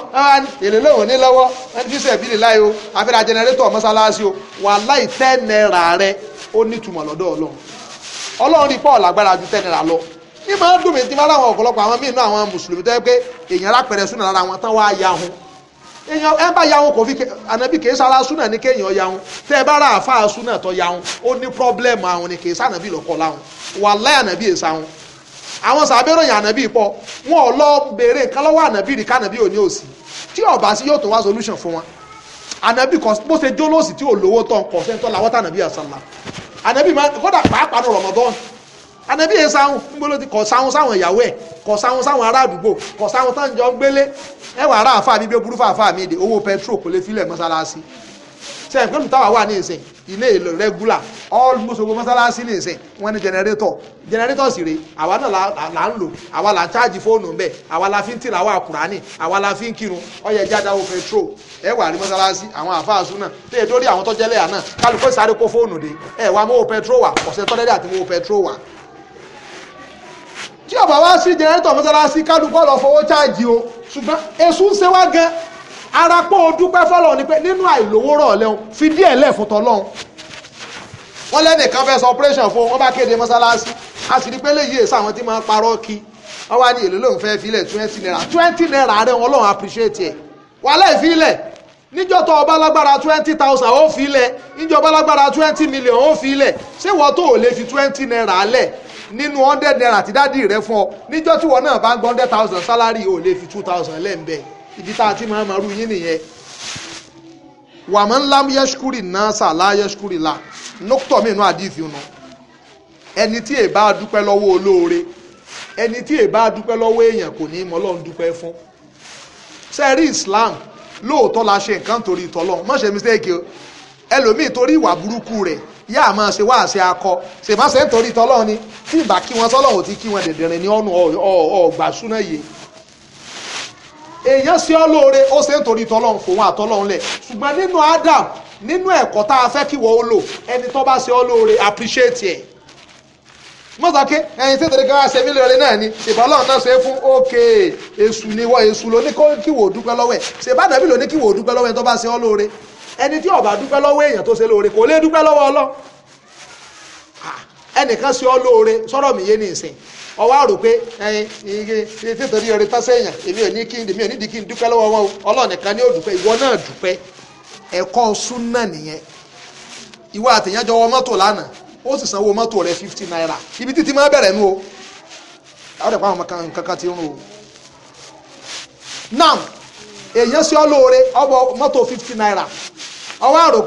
èlé lóhùn ní lọ́wọ́ ẹni tí sẹ́ẹ̀bì lè láyò àfẹ́rẹ́ jẹnẹrétọ̀ mọ́sálásí o wàhálà ìtẹ́ náírà rẹ ó nítumọ̀ lọ́dọ̀ ọlọ́run ọlọ́run rí paul agbára ju tẹ́nira lọ ní máa ń dùn mí tí máa láwọn ọ̀pọ̀lọpọ̀ àwọn míì náà àwọn mùsùlùmí tẹ́ pé èèyàn lápẹ̀rẹ̀ súnà lára wọn tán wá ya hun èèyàn ẹ bá ya hun kò fi ànábì kì í sára súnà ní kéèyàn ya hun tẹ́ ẹ bá ra àáfàá súnà tó ya hun ó ní pọ́blẹ́mù àwọn ni kì í sànàbì lọ́kọ̀ láhun wàláhì ànábì èsà hun àwọn sàbẹ̀ròyìn ànábì pọ̀ wọn ò lọ béèrè nǹkan lọ́wọ́ ànábì rí kànábì ò ní òsì tí ọ̀bà sí yóò tó wá solution fún wọn ànábì kò bó ṣe jólóòsì tí ò lówó tán kọ̀ sẹ́ńtọ́ làwọ́tà ànábì àsàlà ànábì máa kódà pàápàá ní rọmọdọ́n ànábì yẹn sáhùn nígbóló ti kọ̀ sáhùn sáhùn ìyàwó ẹ̀ kọ̀ sáhùn sáhùn ará àdúgbò kọ̀ sáhùn táǹjọ ń gbélé ẹwà ará àfáà mi bí ó burú fáàfáà mi dé owó pẹtrol kò lè filẹ̀ mọ́sálásí ṣe ẹ̀ pẹ́lú táwa wà ní ìsìn ilé ìlò rẹ́gúlà almost gbogbo mọ́sálásí ní ìsìn wọ́n ní jẹnẹrétọ̀ jẹnẹrétọ̀ sì rè àwa náà là ń lò àwa là ń cháàjì fóònù ń bẹ̀ àwa la fi ń tìlà wà kùránì àwa la fi ń kírun ọyẹ jáde àwọn petro ẹ wà rí mọ́sálásí àwọn àfáàsù náà tó yẹ dórí àwọn tọ́jẹ́ lẹ́yà náà kálukó sáré kó fóònù dé ẹ wà mọ́wó petro wà ọ̀sẹ̀ tọ́lẹ́dẹ́ àti mọ́wó petro wà tí ọ̀bà wá sí jẹnẹrétọ̀ mọ́sálásí kálukó lọ fowó cháàjì o ṣùgbọ́n èṣù ń ṣe wá gan arapọ̀ odúpẹ́ fọlọ́ ni pé nínú àìlówó rọ̀ lẹ́hún fi díẹ̀ lẹ̀ fún tọ́lọ́hún wọ́n lẹ́nìkan fẹ́ sọ operation fún wọn bá kéde mọ́sálásí a sì rí pé lè yí èso àwọn tí máa ń parọ́ kí wọ́n wá ní èlò lóun fẹ́ filẹ̀ twenty naira twenty naira rẹ̀ wọn lóun appreciate ẹ̀ wàhálà ìfilẹ̀ níjọ́ tó ọba lágbára twenty thousand ó fi lẹ̀ níjọ́ ọba lágbára twenty million ó fi lẹ̀ ṣé wọ́n tó lè fi twenty naira lẹ̀ nínú hundred naira tí dádì rẹ fún ọ níjọ́ tí wọ́n náà bá ń gbọ́ hundred thousand salary ò lè fi two thousand lẹ́ńbẹ̀ẹ́ ibi tá a ti máa máa rú yín nìyẹn wàmọ́ ńlá yẹ́ṣkúrì náà sàlá yẹ́ṣkúrì là nọ́kítọ̀ mi inú àdìsí nu ẹni tí èèbá dúpẹ́ lọ́wọ́ olóore ẹni tí èèbá dúpẹ́ lọ́wọ́ èèyàn kò ní mọ́ lọ́n dúpẹ́ fún sẹ́rí Islam lóòótọ́ la ṣe nǹkan torí tọ́lọ́ mọ̀ ṣe mistake o ẹlòmíì torí ìwà burúkú rẹ̀ yá máa ṣe wá àṣẹ akọ ṣèmáṣe nítorí tọ́lọ́ ni tí ìbá kí wọn sọ́lọ́ ò ti kí wọn dẹ̀dẹ̀rẹ̀ ní ọ̀nà ọ̀gbà súná yìí èèyàn ṣe ọ́ lóore ó ṣe ń torí tọ́lọ́run kò wọn àtọ́lọ́run lẹ̀ ṣùgbọ́n nínú Adam nínú ẹ̀kọ́ tá a fẹ́ kí wọ́n ó lò ẹni tó bá ṣe ọ́ lóore appreciate ẹ̀ mọ́sàké ẹ̀yin tí tẹ̀lé káwá ṣẹ́mi lóore náà ni ìbálòun náà ṣe fún òkè èṣù ni wọ́n èṣù ló ní kí wò ó dúpẹ́ lọ́wọ́ ẹ̀ ṣèbádàn bí ló ní kí wò ó dúpẹ́ lọ́wọ́ ẹ̀ tó bá ṣe ọ́ lóore ẹni tí ó bá dúpẹ́ lọ́wọ́ èèyàn tó ṣe lóore kò lè dúpẹ́ lọ́wọ́ Ọlọ́run ah, ẹnìkan ṣe ọ́ lóore sọ̀rọ̀ mi yé ní ìsìn ọwọ́ àrò pé ẹyin ike ọrẹ tá èmi ò ní kí èmi ò nídìí kí n wọn o Ọlọ́run nìkan ni ó dúpẹ́ ìwọ náà dúpẹ́ ẹ̀kọ́ súnà nìyẹn ìwọ àtẹ̀yẹ́jọ wọ mọ́tò lánàá ó sì sanwó mọ́tò rẹ fifty naira ibi títí máa bẹ̀rẹ̀ nu o àwọn ẹ̀kọ́ àwọn ti rún o. nam sí ọ ọbọ mọ́tò fifty naira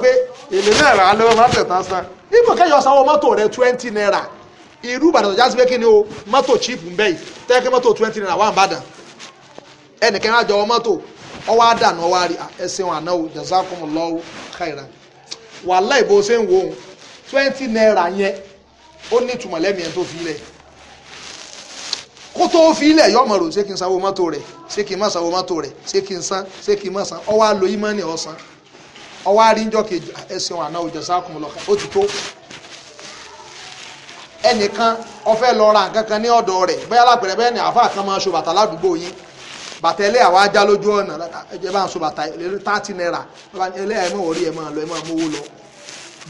pé èlé náírà alẹ́ wọn máa tẹ̀ tán sanwó mọ́tò rẹ twenty naira irú ìbàdàn tó já ni o mọ́tò chipu ń bẹ́ yìí tẹ́lẹ̀ mọ́tò twenty naira wà ń bàdàn ẹnìkan á mọ́tò ọwọ́ á ọwọ́ á rí àná o jazakumullahu khairan wàhálà ìbò ṣe ń twenty naira yẹn ó ní ìtumọ̀ lẹ́mìí ẹ̀ tó fi lẹ̀ kó tó fi ilẹ̀ yọ ọmọ rò ṣé kí n sanwó mọ́tò rẹ̀ lo ẹnìkan ó fẹ́ lọ ra nǹkan kan ní ọ̀dọ̀ rẹ̀ bẹ́ẹ̀ alápẹ̀rẹ̀ bẹ́ẹ̀ ni àáfàá kan máa ń so bàtà ládùúgbò yín bàtà ẹlẹ́ àwa já lójú ọ̀nà ẹjẹ bá ń so bàtà ẹlẹ́rú tààtì náírà ẹlẹ́ ẹ̀ mọ̀ orí ẹ̀ máa lọ ẹ̀ máa mówó lọ.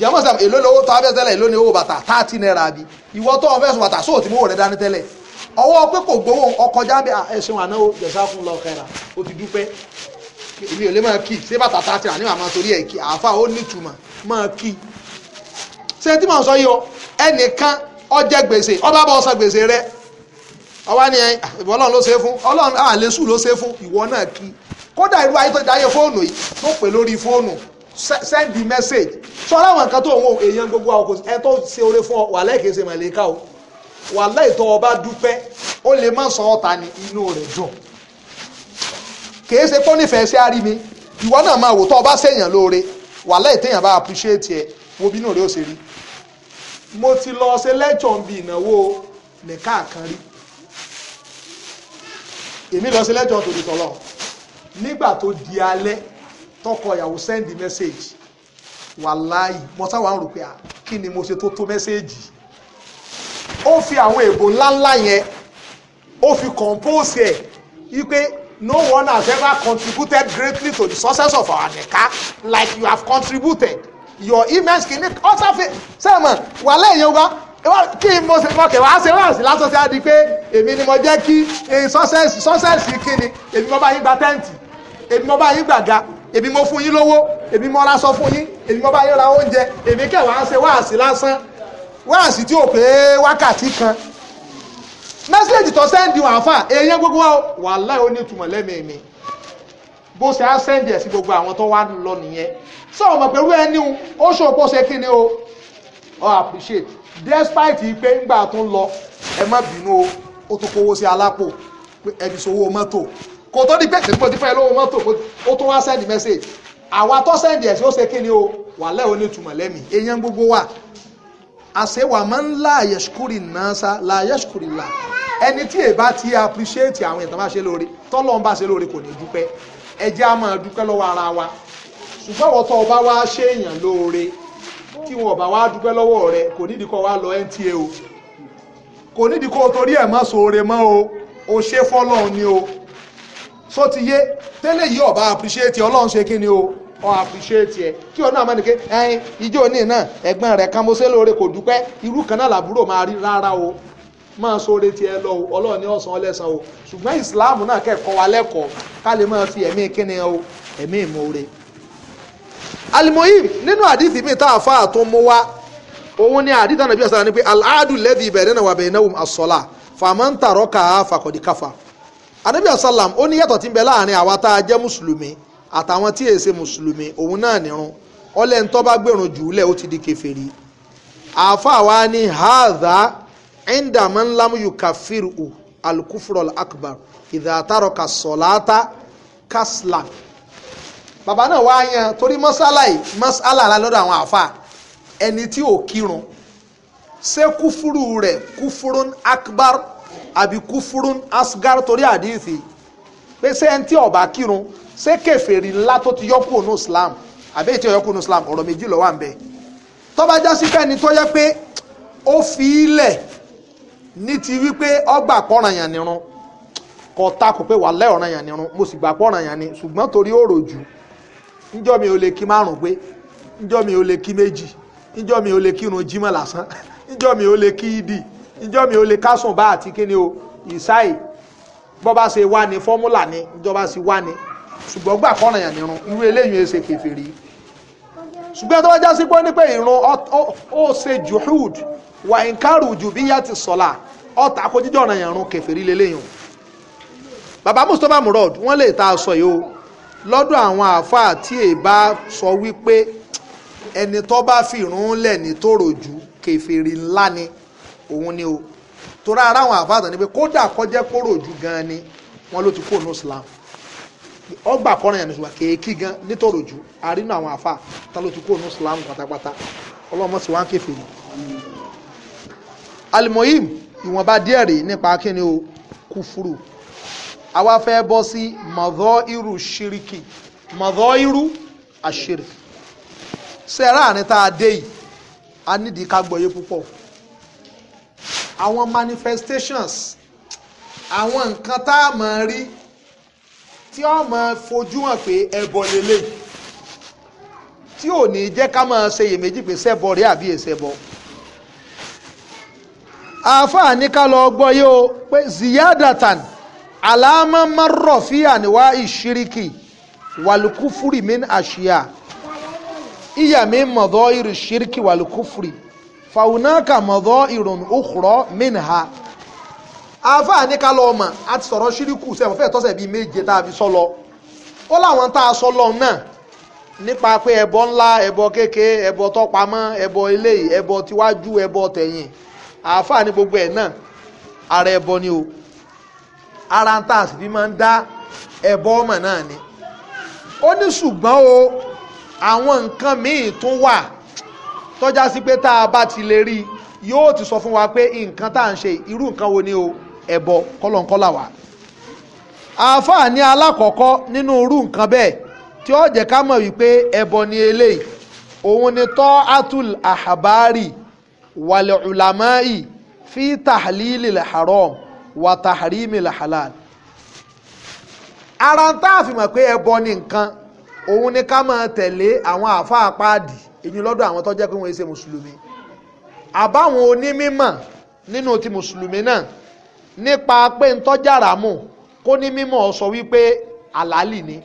jẹ́mọ̀ sàm èló lówó tó abẹ́ tẹ́lẹ̀ èló ni owó bàtà tààtì náírà bí ìwọ tó ń fẹ́ so bàtà sóòtì mówó rẹ̀ dání tẹ́lẹ̀ ọwọ́ pé kò gbowó ọkọ̀ jáde ẹ̀sìn ànáwó jẹ̀sà fún lọ kẹrà ó ti dúpẹ́ èmi ò lè máa kí ṣé bàtà tààtì àní màmá torí ẹ̀ kí àáfà ó nítumọ̀ máa kí ṣé tí màá sọ yìí o ẹnìkan ọjẹ́ gbèsè ọba bá ọsàn gbèsè rẹ ọwá ni ah, ọlọ́run ló ṣe fún ọlọ́run àlésù ah, ló ṣe fún ìwọ náà kí kódà irú ayé fóònù tó pè lórí fóònù send the message sọ tó èèyàn gbogbo àwọn kò ẹ tó ṣe oore fún ọ ṣe màlẹ́ká o ọba dúpẹ́ ó lè má sọ ọ́ta ni inú rẹ̀ dùn kì í ṣe mi ìwọ náà máa wò tó ọba ṣèyàn lóore mo ti lọ ṣe lẹ́tọ̀ ń bi ìnáwó nìka kan rí èmi lọ ṣe lẹ́tọ̀ tòdì tọ̀lọ̀ nígbà tó di alẹ́ tọkọ ìyàwó send message wàláì mo sáwà ń rò pé kí ni mo ṣe tó tó mẹ́sẹ̀gì ó fi àwọn èbò ńláńlá yẹn ó fi compose ẹ̀ wípé no one has ever contributed greatly to the success of our nìka like you have contributed your immense kìíní ọ̀sà fi sẹ́mọ̀ wà lẹ́yìn wa kí mo ṣe mọ kẹwàá ṣe wá sí lásán ṣe á di pé èmi ni mo jẹ́ kí sọ́sẹ́sì sọ́sẹ́sì kíni èmi mo bá yín gba tẹ́ǹtì èmi mo bá yín gbàga èmi mo fún yín lówó èmi mo raṣọ fún yín èmi mo bá yín ra oúnjẹ èmi kẹwàá ṣe wá sí lásán wá sí tí ò pé wákàtí kan mẹ́sílẹ̀jì tó sẹ́ndì wàá fà èèyàn gbogbo wa wàhálà ó ní ìtumọ̀ lẹ́mìí mi. mi bó ṣe á sẹ́ndì ẹ̀ sí gbogbo àwọn tó wá lọ nìyẹn sọ ọmọ pẹ̀lú ẹni ó ṣòro kó ṣe kí ni o ọ appreciate despite pé ńgbà tó ń lọ ẹ má bínú o ó tún kówó sí alápò ẹbí sowó mọ́tò kò tó di pé kí ló ti fẹ́ lówó mọ́tò ó tún wá sẹ́ndì message àwa tó sẹ́ndì ẹ̀ sí ó ṣe kí ni o wà lẹ́ onítùmọ̀ lẹ́mìí èèyàn gbogbo wà àṣewà máa ń la àyẹ̀ṣukúrì náà sá la àyẹ̀ṣukúrì là ẹni tí èèbá ti appreciate àwọn ìtàn bá ṣe lóore tọ́lọ́ ń bá ṣe lóore kò ní dúpẹ́ ẹ jẹ́ á máa dúpẹ́ lọ́wọ́ ara wa ṣùgbọ́n wọ́n tọ́ ọba wá ṣe èèyàn lóore tí wọn ọba wá dúpẹ́ lọ́wọ́ rẹ kò nídìí kó wá lọ NTA o kò nídìí kó torí ẹ̀ má ṣoore mọ́ o o ṣe fọ́lọ́run ni o so ti yé tẹ́lẹ̀ yìí ọba appreciate ọlọ́run ṣe kí ni o ọ appreciate ẹ kí ọ náà máa nìké ẹyin ijó ní náà ẹ̀gbọ́n rẹ̀ kan mo ṣe lóore kò dúpẹ́ irú kan náà làbúrò máa rí rárá o máa sóore tiẹ̀ lọ o ọlọ́run ní ọ̀sán ọlẹ́sàn o ṣùgbọ́n ìsìláàmù náà kẹ́kọ̀ọ́ wa lẹ́kọ̀ọ́ ká lè máa fi ẹ̀mí kíni o ẹ̀mí ìmoore. alimoyim nínú àdìsí mi tá a fa àtún mú wa òun ni àdìsí ànàbí ọ̀sán ni pé aláàdù lẹ́dí ìbẹ̀rẹ̀ náà wà bẹ̀rẹ̀ náà àsọ̀là fàmántàrọ̀ ká fàkọ̀dí káfà. ànàbí ọ̀sálàm ó ní yàtọ̀ tí ń bẹ láàrin àwa tá a jẹ́ mùsùlùmí àtàwọn tí èsè mùsùlùmí òun náà nírun ọlẹ́ntọ́ bá gbèrún jùúlẹ̀ ó ti di kèfèrí àáfàá wa ni haza ẹ̀ńdà máa ń lámúyù káfíìrù alukufurọl akbar ìdàtàrọ ka sọláta kásìlà bàbá náà wá yan torí mọ́sálà yìí mọ́sálà lọ́dọ̀ àwọn àfa ẹni tí ò kírun ṣé kúfúrú rẹ̀ kúfúrún akbar àbí kúfúrún asgar tori àdìsí pé ṣé ẹni oba ò se kírun ṣé kèfèrí ńlá tó ti yọkù ònú islam àbí ètò ìyọkù ònú islam ọ̀rọ̀ méjì ló wà ń bẹ tó bá já sí pé ẹni tó yẹ pé fi í n'i ti wípé ọgbà pọ́nrayàn nírun kò takò pé wà lẹ́ ọ̀ranyàn nírun mo sì gbà pọ́nrayàn ni ṣùgbọ́n torí òrò jù mi ò lè kí márùn pé níjọ́ mi ò lè kí méjì níjọ́ mi ò lè irun jímọ̀ lásán níjọ́ mi ò lè kí ìdì [laughs] níjọ́ mi ò lè kásùn bá àti kíni o ìsáì bọ́ bá ṣe wá ní fọ́múlà ni ìjọba ṣe wá ní ṣùgbọ́n gbà pọ́nrayàn nírun irú eléyìí ẹsẹ̀ kẹfẹ́ rí ṣùgbọ́n tó bá já sí pé ó ṣe juhud wà nǹkan jù bí yá ti sọ̀la ọ̀tà àkójíjọ́ ọ̀ràn yẹn rún kẹfẹ́rí lélẹ́yìn bàbá Mustapha Murad wọ́n lè ta aṣọ yìí o lọ́dọ̀ àwọn àáfàá tí èèbá sọ wípé ẹni tó bá fìrún lẹ̀ ní tòrò jù kẹfẹ́rí ńlá ni òun ni o torí ara àwọn àáfàá tán ni pé kódà kọjẹ́ kóró jù gan-an ni wọ́n ló ti kó ní Islam ọgbà kọrin yẹn nìṣùgbà kéèkì gan nítorò jù àrínú àwọn àáfàá tán ló ti kó ní Islam pátápátá ọlọ́mọ sì wá ń kẹfẹ́ ni alimoyim ìwọ̀nba díẹ̀ rèé nípa kíni o kúfúrú àwa fẹ́ bọ́ sí mọ̀dọ́ irú ṣíríkì mọ̀dọ́ irú àṣírí sẹ́ẹ̀rá àárín tá yìí a nídìí ká gbọ́yé púpọ̀ àwọn manifestations àwọn nǹkan tá a máa rí tí ó máa fojú hàn pé ẹbọ lélẹ̀ tí ò ní jẹ́ ká máa ṣe iyèméjì pé ṣẹbọ rèé àbí èsẹbọ àáfàá ní ká lọ gbọ́ yé o pé ziyadatan alama marọ fi àníwá ìṣíríkì wàlúkúfúrì min àṣìyà ìyàmí mọ̀dọ́ irú ṣíríkì wàlúkúfúrì fàwùnákà mọ̀dọ́ ìrùn òkúrọ̀ min ha àáfàá ní ká lọ mọ̀ a ti sọ̀rọ̀ ṣíríkù sẹ́wọ̀n fẹ́ẹ̀ tọ́sẹ̀ bíi méje tá a fi sọ lọ ó láwọn tá a sọ lọ náà nípa pé ẹbọ ńlá ẹbọ kékeré ẹbọ tọpamọ ẹbọ eléyìí ẹbọ tiwájú ẹbọ tẹ̀yìn àáfàá ní gbogbo ẹ̀ náà ara ẹbọ ni o ara ń tà àsìbí máa ń dá ẹbọ ọmọ náà ni ó ní ṣùgbọ́n o àwọn nǹkan míì tún wà tọ́já sí pé tá a bá ti lè rí yóò ti sọ fún wa pé nǹkan tá à ń ṣe irú nǹkan wo ni o ẹbọ kọlọ̀ńkọlà wà àáfàá ní alákọ̀ọ́kọ́ nínú irú nǹkan bẹ́ẹ̀ tí ó jẹ́ ká mọ̀ wípé ẹbọ ni eléyìí òun ni tọ́ atul ahabari. wàlẹ̀ ulamai fi tahlili lè haram wà tahrimi lè halal. ara tá a fi mọ̀ pé ẹbọ ni nǹkan òun ni ká máa tẹ̀lé àwọn àáfàá páàdì èyí lọ́dọ̀ àwọn tó jẹ́ pé wọ́n ṣe mùsùlùmí àbáwọn onímímọ̀ nínú ti mùsùlùmí náà nípa pé ntọ́jàrà ko kó ní mímọ̀ sọ wípé àlálì ni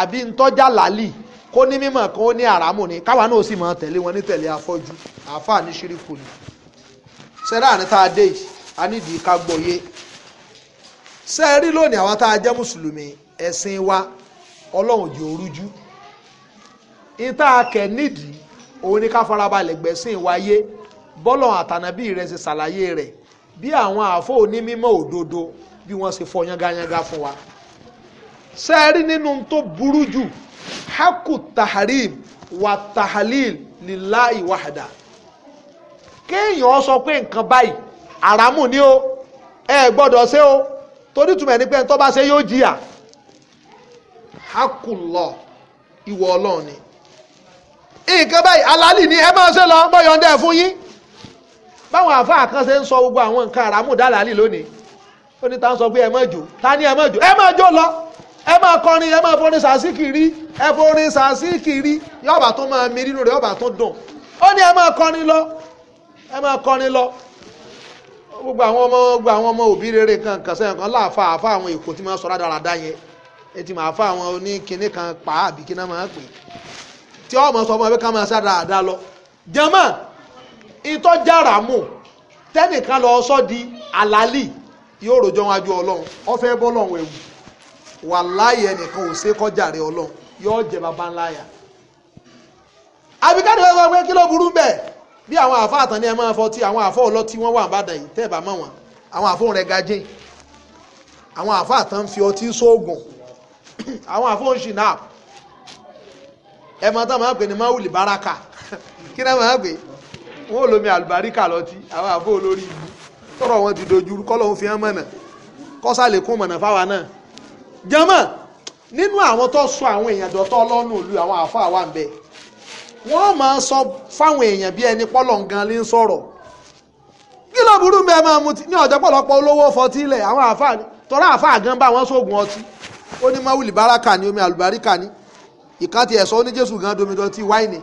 àbí ntọ́jà làálì. kó ní mímọ̀ kan ó ní àràmù ni káwa náà sì máa tẹ̀lé wọn ní tẹ̀lé afọ́jú àáfàá ní ṣíríkù ni sẹ́rà ní tá a dé yìí a nídìí ká gbọ́yé sẹ́ẹ̀rí lónìí àwa tá a jẹ́ mùsùlùmí ẹ̀sìn wa ọlọ́run jẹ́ orújú ìta akẹ́ nídìí òun ni ká farabalẹ̀ gbẹ̀sìn wáyé bọ́lọ̀ àtànàbí rẹ̀ ṣe ṣàlàyé rẹ̀ bí àwọn àfọ onímọ̀ òdodo bí wọ́n ṣe fọ yangayanga fún wa sẹ́ẹ̀rí nínú tó burú jù haku taharim wa tahalil lillahi wahda kéèyàn sọ pé nǹkan báyìí àràmù ni ó ẹ gbọ́dọ̀ ṣe ó torí túmọ̀ ẹni pé ẹni tó bá ṣe yóò jìyà hakulọ ìwọ ọlọ́run ni nǹkan báyìí alálì ni ẹ máa ṣe lọ mo yọ̀ǹda ẹ̀ fún yín báwọn àfáà kan ṣe ń sọ gbogbo àwọn nǹkan àràmù dálálì lónìí ó ní ta ń sọ pé ẹ má jó ta ni ẹ má jó ẹ má jó lọ ẹ máa kọrin ẹ máa forin sàásìkìrí ẹ forin sàásìkìrí yọba tó máa mi nínú rẹ yọba tó dùn ó ní ẹ máa kọrin lọ ẹ máa kọrin lọ gbogbo àwọn ọmọ gbogbo àwọn ọmọ òbí rere kan kan sẹ́yìn kan láàfa àfa àwọn èkó tí máa sọ rádaràda yẹn etí máa fa àwọn oníkinní kan pa àbí kí náà máa pè tí ọmọ sọ ọmọ ẹbí kan máa sá dáadáa lọ jẹmọ ìtọjára mú tẹnìkan lọ sọ di àlálì yóò rojọ́ wájú Ọlọ́run ọfẹ bọlọrun ẹwù wàláyé ẹnìkan ò ṣe kọjá rẹ ọlọ́run yóò jẹ bàbá ńlá yà àbíkádé wọn sọ pé kí ló burú bẹ́ẹ̀ bí àwọn àfọ àtàn ni ẹ máa fọ tí àwọn àfọ ọlọ́tí wọn wà bàdàn yìí tẹ́ ẹ bá mọ̀ wọn àwọn àfọ rẹ gajé àwọn àfọ àtàn fi ọtí sóògùn [clears throat] àwọn àfọ ń ṣì náà ẹ máa tán máa pè ní máwùlì báraka [laughs] kí náà máa pè wọn ò lómi àlùbáríkà lọtí àwọn àfọ olórí ìlú tọrọ wọn ti dojú kọlọ òun fi mọ̀nà kọsàlẹ̀kùn mọ̀nà fáwa náà jama nínú àwọn tó sọ àwọn èèyàn dọ̀tọ́ ọlọ́nù ìlú àwọn àáfàá wà ń bẹ wọ́n máa sọ fáwọn èèyàn bí ẹni pọ́lọ̀ nǹkan lè ń sọ̀rọ̀ kí ló burú bẹ́ẹ̀ máa mutí ní ọ̀jọ́ pọ̀lọpọ̀ olówó fọtí ilẹ̀ àwọn àáfàá tọ́lá àáfàá gan bá wọn sóògùn ọtí ó ní máwùlì báràkà ní omi àlùbáríkà ní ìkan ti ẹ̀sọ́ ní jésù gan domi dọtí wáìnì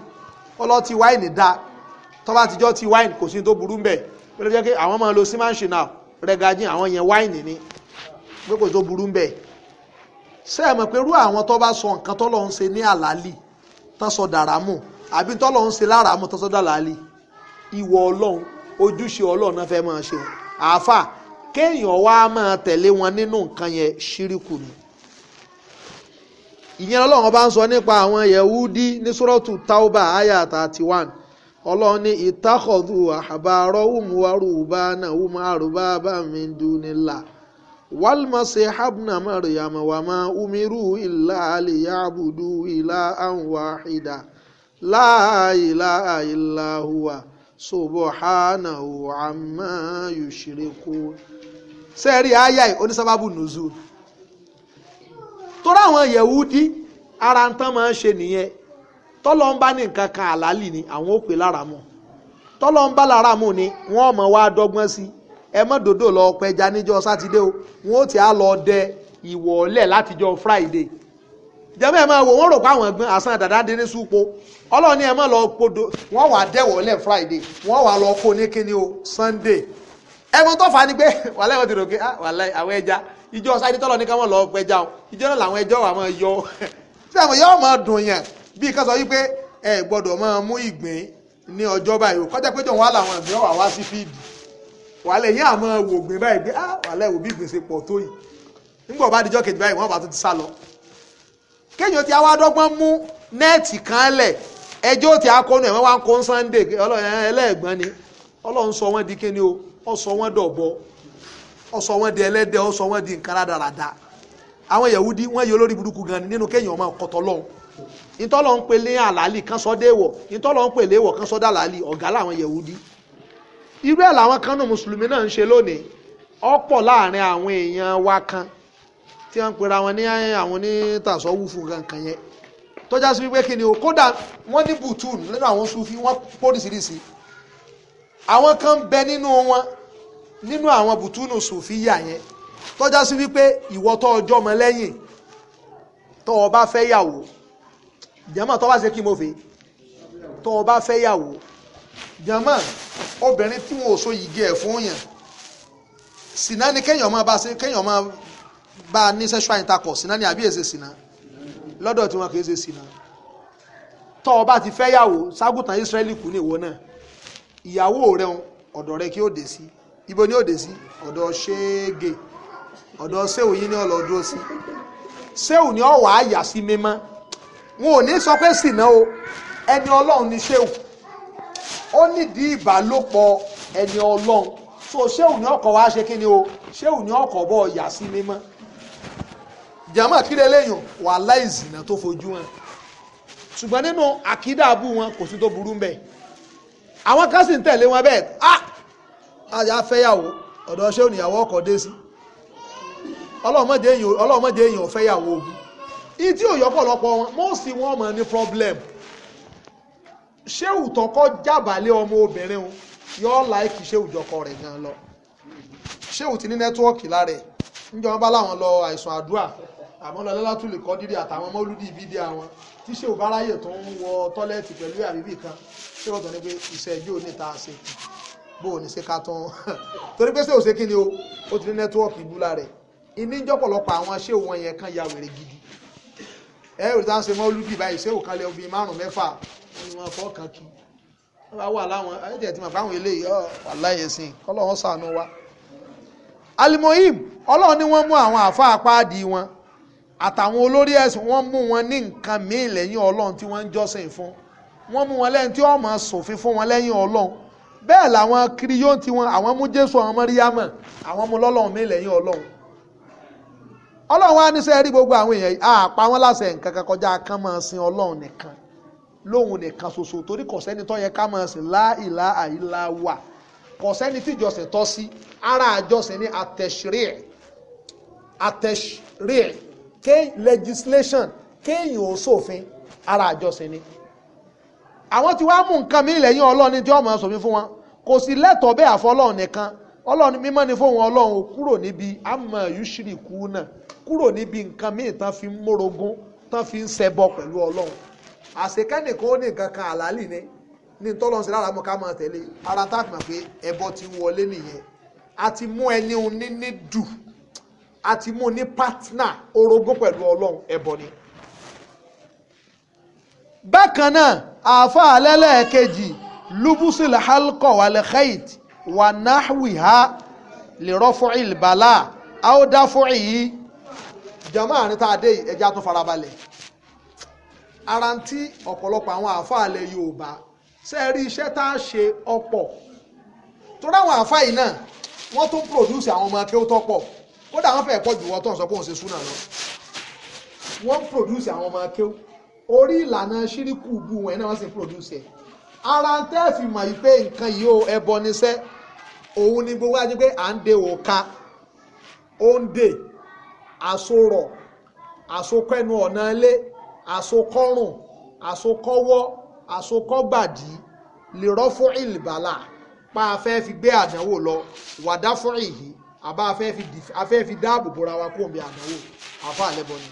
ọlọ́tí wáìnì dáa tọ́ba àtijọ́ ti wáìnì kò sí tó burú bẹ́ẹ̀ pẹ̀lú jẹ́ pé àwọn máa lo simanshina regajin àwọn yẹn wáìnì ni pé kò tó burú bẹ́ẹ̀ ṣé ẹ mọ̀ pé irú àwọn tó bá sọ nǹkan tó lọ́n ṣe ní àlálì tán sọ dàrámù àbí tó lọ́n ṣe láràámù tán sọ dàlálì ìwọ ọlọ́run ojúṣe ọlọ́run náà fẹ́ máa ṣe àáfà kéèyàn wá máa tẹ̀lé wọn nínú nǹkan yẹn ṣíríkù ni ìyẹn ọlọ́run bá ń sọ nípa àwọn yẹ̀wúdí ní sọ́rọ́tù tauba aya thirty one ọlọ́run ní ìtàkọ̀dù àhàbà rọ́wùmùwárù bá náà wùmù àrùbá bá mi dùn nílà. والمسيح ابن مريم وما أمروا إلا ليعبدوا إلها واحدا لا إله إلا هو سبحانه عما يشركون sẹ́ẹ̀rí ayá yìí onísábàbù nùzú torí àwọn yẹ̀wúdí ara ń tán máa ní nǹkan kan àlálì ni àwọn ò pè lára mọ́ tọ́lọ́ lára ni ẹ mọ́ dòdò lọ pẹja n'íjọ sátidé o wọn ó ti á lọ dẹ ìwọ̀ọ́lẹ̀ látijọ́ friday jẹ́mọ́ ẹ máa wò wọ́n rò pé àwọn ẹ̀gbọ́n àsan dàda dín ní súpo ọlọ́ọ̀ni ẹ máa lọ podò wọ́n wà dẹ̀wọ̀ọ́lẹ̀ friday wọ́n wà lọ kó ní kíni o sunday ni pé lọ o ìjọ náà làwọn ẹjọ́ yọ [laughs] àwọn máa dùn wàhálẹ̀ yín àmọ́ wò gbìn báyìí pé ah, wàhálẹ̀ wò bí gbèsè pọ̀ tó yìí nígbà bá dijọ́ kejì báyìí wọ́n bá tó ti sá lọ. kéèyàn ti àwa dọ́gbọ́n mú nẹ́ẹ̀tì kan lẹ̀ ẹjọ́ ti akọnu ẹ̀ wọ́n wá ń kó Sunday eh, ẹlẹ́ẹ̀gbọ́n ni Ọlọ́run sọ wọ́n di kíni o ó wọ́n dọ̀bọ ó wọ́n di ẹlẹ́dẹ̀ ó wọ́n di nǹkan rádaràda àwọn Yahudi wọ́n yọ olórí burúkú gan ni nínú kéèyàn ọmọ ọkọ̀tọ̀ lọ́hùn ìtọ́lọ́ ń pè ní àlàálì kan sọ déèwọ̀ ìtọ́lọ́ ń pè léèwọ̀ kan sọ dàlàálì ọ̀gá làwọn Yahudi irú ẹ̀ làwọn kan náà mùsùlùmí náà ń ṣe lónìí ọ̀pọ̀ láàrin àwọn èèyàn wa kan tí wọ́n ń pera wọn ní àwọn onítàsọ́ wúfù kankan yẹn tọ́já sí wípé kí ni o kódà wọ́n ní bùtùn lẹ́nu àwọn sufi wọ́n póríṣiríṣi àwọn kan bẹ nínú wọn nínú àwọn bùtùnù sufi yà yẹn tọ́já sí wípé ìwọ tó ọjọ́ mọ lẹ́yìn tó o fẹ́ yàwó jẹ́mọ̀ tó bá ṣe kí mo fẹ́ tó o fẹ́ yàwó jama obìnrin tí wọn ò so yìí gé ẹ̀ fún yàn sìnà ni kéèyàn máa bá kéèyàn máa bá a ní sexual intercourse sìnà ni àbí èsè sìnà lọ́dọ̀ tí wọn kì í ṣe sìnà tọ́ ti fẹ́ yàwó ságùtàn Ísírẹ́lì kù ní ìwọ náà ìyàwó rẹ ọ̀dọ̀ rẹ kí ó dé sí ibo ni ó dé sí ọ̀dọ̀ ṣéégé ọ̀dọ̀ sẹ́wù yìí ni ọ̀lọ́ dúró sí sẹ́wù ni ọ̀wà àyà sí mímọ́ wọn ò ní sọ pé sìnà o ẹni ọlọ́run ni sẹ́wù ó nídìí ìbálòpọ̀ ẹni ọlọ́run so ṣéwù ní ọkọ̀ wá ṣe kí ni o ṣéwù ní ọkọ̀ bọ̀ yà sí mímọ́ jàmọ́ kílẹ̀ lẹ́yìn wà láìsìnà tó fojú wọn ṣùgbọ́n nínú àkídàbù wọn kò sí tó burú ń àwọn kan sì ń tẹ̀lé wọn bẹ́ẹ̀ ah àyà fẹ́yàwó ọ̀dọ̀ ṣéwù níyàwó ọkọ̀ dé sí ọlọ́mọdé èèyàn ọ̀fẹ́yàwó ogun ìdí òyọ́pọ̀lọpọ̀ wọn mọ́ọ̀sì wọn mọ̀ ní problem ṣéwù tọkọ jábàálé ọmọ obìnrin o yóò láìkì ṣéwù jọkọ rẹ̀ gan lọ ṣéwù ti ní nẹ́tíwọ́ọ̀kì lára ẹ̀ níjọ wọn bá láwọn lọ àìsàn àdúrà àmọ́ lọ lọ́látù lè kọ́ dídí àtàwọn ọmọ olùdí ìbídí àwọn tí ṣéwù bá ráyè tó ń wọ tọ́lẹ́ẹ̀tì pẹ̀lú àbíbí kan ṣéwù tó ní pé iṣẹ́ ẹjọ́ ní ta ṣe bó o ní ṣe ká tán [laughs] torí pé ṣéwù ṣe kí ni o ó ti ní nẹ́tíwọ́ọ̀kì ìbúlá rẹ̀ ìníjọ́pọ̀lọpọ̀ àwọn ṣéwù wọn yẹn kan ya wèrè gidi ẹ ò tán ṣe mọ́ olùdí báyìí ṣé òkan lè obìnrin márùn mẹ́fà wọn fọ́ kan kí wọn bá wà láwọn ayédè tí mà bá àwọn eléyìí ọ wà láyé sí kọlọ́wọ́n sànú wa. alimohim ọlọ́run ni wọ́n mú àwọn àfa apáàdì wọn àtàwọn olórí ẹ̀sìn wọ́n mú wọn ní nǹkan míì lẹ́yìn ọlọ́run tí wọ́n ń jọ́sìn fún wọ́n mú wọn lẹ́yìn tí wọ́n mọ̀ ṣòfin fún wọn lẹ́yìn ọlọ́run bẹ́ẹ̀ làwọn kiriyóntì wọn àwọn mú jésù àwọn mọ́ríyámọ̀ àwọn mú lọ́lọ́run míì lẹ́yìn ọlọ́run ọlọ́run wá níṣẹ́ rí gbogbo àwọn èèyàn yìí àpá wọn láṣẹ nǹkan kan kọjá kán máa sin ọlọ́run nìkan lóhun nìkan ṣoṣo torí kò sẹ́ni tó yẹ ká máa sin láìlá àìlá wà kò tí ìjọsìn tọ́ sí ara àjọsìn ní àtẹ̀sírìẹ̀ àtẹ̀sírìẹ̀ ké legislation kéèyàn ò ara àjọsìn ni àwọn tí wàá mú nǹkan mi lẹ́yìn ọlọ́run tí ọmọ sọ̀fin fún wọn kò sì lẹ́tọ̀ọ́ bẹ́ẹ̀ àfọ́ ọlọ́run nìkan ọlọ́run mímọ́ ni fóun ọlọ́run kúrò níbi àmọ́ yusuf kú náà kúrò níbi nǹkan míì tán fi ń mórogún tán fi ń ṣẹbọ pẹ̀lú ọlọ́run àṣekẹ́nìkan ó ní nǹkan kan àlálì ni ní tọ́lọ́ sí lára mọ́ ká máa tẹ̀lé ara tá a fi mọ̀ pé ẹbọ ti wọlé nìyẹn a ti mú ẹni òní ní dù a ti mú ní pátínà orogún pẹ̀lú ọlọ́run ẹbọ ni. bákan náà àáfàá lẹ́lẹ́ẹ̀kejì lubusil halkọ walkhait wa nahwiha lè rọ́fọ́ ìlbàlá àódáfọ́ ìyí jàmá àárín tá a dé yìí ẹja tó farabalẹ̀ ara ń tí ọ̀pọ̀lọpọ̀ àwọn àfáàlẹ̀ Yorùbá ṣe rí iṣẹ́ tá a ṣe ọ̀pọ̀ tó ráwọn àfáà yìí náà wọ́n tún produce àwọn ọmọ akéwọ́ tọ́pọ̀ kódà wọ́n fẹ́ẹ̀ pọ̀ jù wọ́n tó ń sọ pé òun ṣe súnà lọ wọ́n produce àwọn ọmọ akéwọ́ orí ìlànà ṣíríkù bú wọn náà wọ́n sì produce ẹ̀ ara ń tẹ́ fi mọ̀ yìí pé nǹkan yìí ó ẹbọ níṣẹ́ òun ni gbogbo àti pé à ń de òka ó ń de àsorọ̀ àsokẹ́nu ọ̀nà ilé àsokọ́rùn àsokọ́wọ́ àsokọ́gbàdì lè rọ́fún ìlìbàlà pa afẹ́ fi gbé àdánwò lọ wàdá fún ìhì àbá afẹ́ fi dáàbò bora wa kó omi àdánwò àfa àlẹ́bọ ni.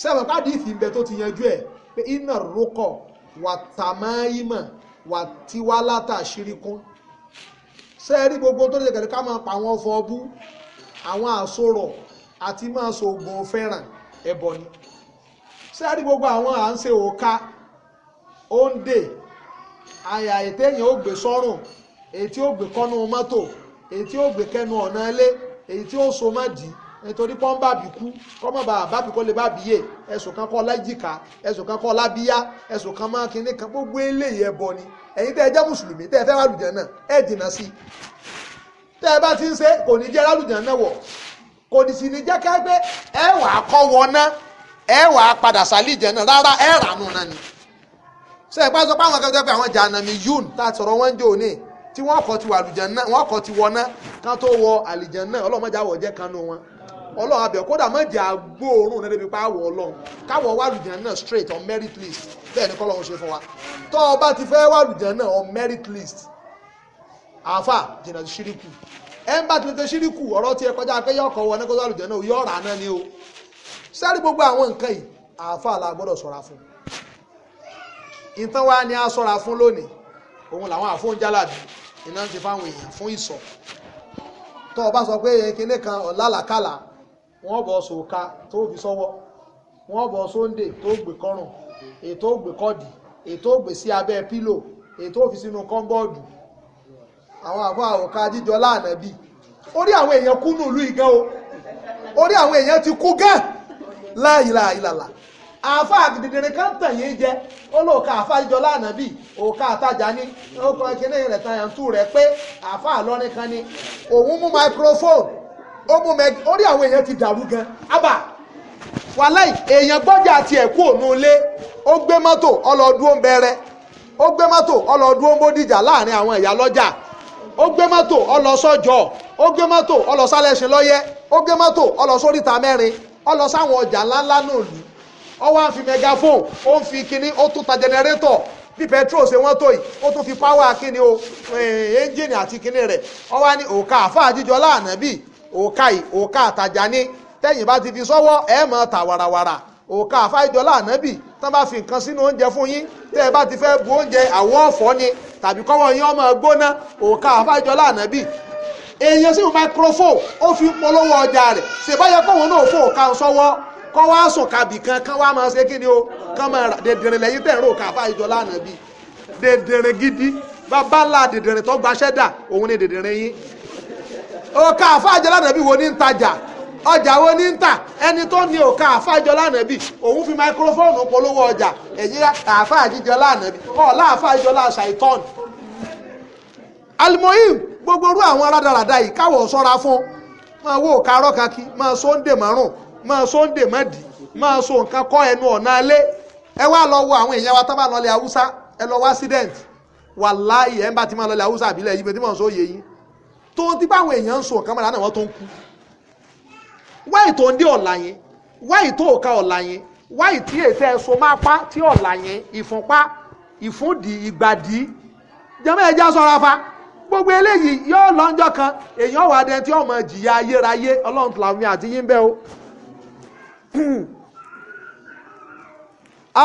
sẹ́wọ̀n káàdì ìfìǹbẹ tó ti yanjú ẹ̀ pé iná rókọ̀ wà tàmáìmọ̀ wà tiwálátà ṣíríkún sẹ́ẹ̀rí gbogbo tó lè kẹ̀lé ká máa pa àwọn ọfọ̀ ọbú àwọn àsorọ̀ àti máa so oògùn fẹ́ràn ẹbọ ni sẹ́ẹ̀rí gbogbo àwọn à ń ṣe òka òǹdè àyà ètèyàn ó gbé sọ́rùn èyí tí ó gbé kọ́nú mọ́tò èyí tí ó gbé kẹnu ọ̀nà ilé èyí tí ó so má dì nítorí pọ́n bàbí kú kọ́mọ̀ bá bàbí kọ́ lè bàbí yè ẹ̀sùn kan kọ́ lájìká ẹ̀sùn kan kọ́ lábíyá ẹ̀sùn kan máa kinní kan gbogbo eléyìí ẹbọ ni ẹ̀yin tẹ́ ẹ jẹ́ mùsùlùmí tẹ́ ẹ fẹ́ wà lùjẹ́ náà ẹ jìnnà sí i tẹ́ ẹ bá ti ń ṣe kò ní jẹ́ lálùjá náà wọ̀ kò ní sì ní jẹ́ ká gbé ẹ wà á kọ́ wọ ná ẹ wà á padà sàlìjẹ náà rárá ẹ rànú náà ni. ṣé ẹ bá sọ pé àwọn akẹ́kọ̀ọ́ pé àwọn jàǹdàmí yún tá a sọ̀rọ̀ wọn jò ní tí wọ́n kọ́ ti wọ àlùjànnà wọ́n kọ́ ti wọ náà ká tó wọ àlùjànnà ọlọ́mọ jà wọ̀ jẹ́ kanú wọn ọlọ́run abẹ kódà má jẹ́ agbóòórùn náà débi pàwọ̀ ọlọ́run káwọ̀ wá àlùjànnà straight on merit list bẹ́ẹ̀ ni kọ́lọ́run ṣe fún wa tọ́ ọ bá ti fẹ́ wá àlùjànnà on merit list àáfà jìnnà sí ṣíríkù ẹ ń bá tilẹ̀ tẹ ṣíríkù ọ̀rọ̀ tiẹ̀ kọjá pé yọ̀ọ̀kọ̀ wọ ní kó sọ́ọ́ àlùjẹ́ náà yọ̀ọ̀rà náà ni o sẹ́rí gbogbo àwọn nǹkan yìí àáfà la gbọ́dọ̀ sọ̀ra fún ìtàn wa ni a sọ̀ra fún lónìí òun làwọn àfóúnjálàbí iná ti fáwọn èèyàn fún ìsọ̀ tó o bá sọ pé kinní kan ọ̀làlàkàlà wọ́n bọ̀ sòka tó fi sọ́wọ́ wọ́n bọ̀ sóńdè tó gbé kọ́rùn ètò ògbé kọ́dì ètò ògbé sí abẹ́ pílò ètò òfin sínú kọ́ńbọ́ọ̀dù àwọn àbọ̀ àwòká jíjọ láànábì orí àwọn èèyàn kú nùlú ìgán o orí àwọn èèyàn ti kú gán láìláìlàlà àáfà àgìdìdìrín kan tàn yín jẹ ó lò ká àáfà jíjọ láànábì òkà àtajà ní ọkọ ìkíní rẹ tàyàn tú rẹ pé àáfà àlọrin kan ni òun mú microphone ó mú mẹg orí àwọn èèyàn ti dàrú gan abà wàláì èèyàn gbọ́dọ̀ àti ẹ̀kú òun lé ó gbé mọ́tò ọlọ́dún bẹ̀rẹ̀ ó gbé mọ́tò ọlọ́dún ó ń láàrin àwọn ìyá lọ́jà ó gbé mọ́tò ọlọ sọ́jọ́ ó gbé mọ́tò ọlọ sálẹ̀ṣin lọ́yẹ́ ó gbé mọ́tò ọlọ sóríta mẹ́rin ọlọ sáwọn ọjà ńláńlá náà lù ó wá fi megafon, ó ń fi kinní ó tún ta jẹnẹrétọ̀ bí petrol ṣe wọ́n tó yìí ó tún fi power kinní o ẹ́ńjìnì eh, àti kinní rẹ̀ ó wá ní òkà àfáà jíjọ láàánà bíi òkà yìí òkà àtàjà ní tẹ́yìn bá ti fi sọ́wọ́ ẹ̀ mọ́ ta wàràwàrà òkà àfáà jíjọ láàánà bíi tán bá fi nǹkan sínú oúnjẹ fún yín tẹ́ ẹ bá ti fẹ́ bu oúnjẹ àwọ̀ ọ̀fọ́ ni tàbí kọ́wọ́ yín ọmọ gbóná òkà àfájọ lànàbì èèyàn sínú microphone ó fi polówó ọjà rẹ̀ ṣèbáyọ kọ́wọ́ náà fò ká sọ́wọ́ kọ́ wá sùn kabì kan kán wá máa ṣe kí ni o kán máa rà dèdèrè lẹ́yìn tẹ̀ ń rò ká àfájọ lànàbì dèdèrè gidi bàbá ńlá dèdèrè tó gbaṣẹ́ dà òun ni dèdèrè yín òkà àfájọ lànàbì wo ní ń tajà ọjà wo ní ń tà ẹni tó ní òkà àfàjọlá nàbì òun fi máikrófóònù polówó ọjà ẹ̀yìn àfà àjíjọlá nàbì ọ̀la àfàjọlá ṣàìtọ́n. alimoyim gbogbo orú àwọn rádaràda yìí káwọ̀ sọ́ra fún máa wo òkà arọ́kakí máa sóńdè márùn máa sóńdè mọ́dì máa so nǹkan kọ́ ẹnu ọ̀nà alẹ́ ẹ wá lọ wo àwọn èèyàn wa bá haúsá ẹ lọ wá bá ti máa haúsá àbílẹ̀ yìí pé tí mò ń òye yìí tó ti so nǹkan wáyì tó ń dé ọ̀la yẹn wáyì tó ò ka ọ̀la yẹn wáyì tí èsè pa ti ọ̀la yẹn ìfúnpá ìfúndì ìgbàdì jẹ́mọ́ ẹja sọ́ra fa gbogbo eléyìí yóò lọ́njọ́ kan èèyàn wà dé tí ọmọ jìyà ayérayé ọlọ́run tó làwọn àti yín bẹ́ẹ̀ o. [clears throat]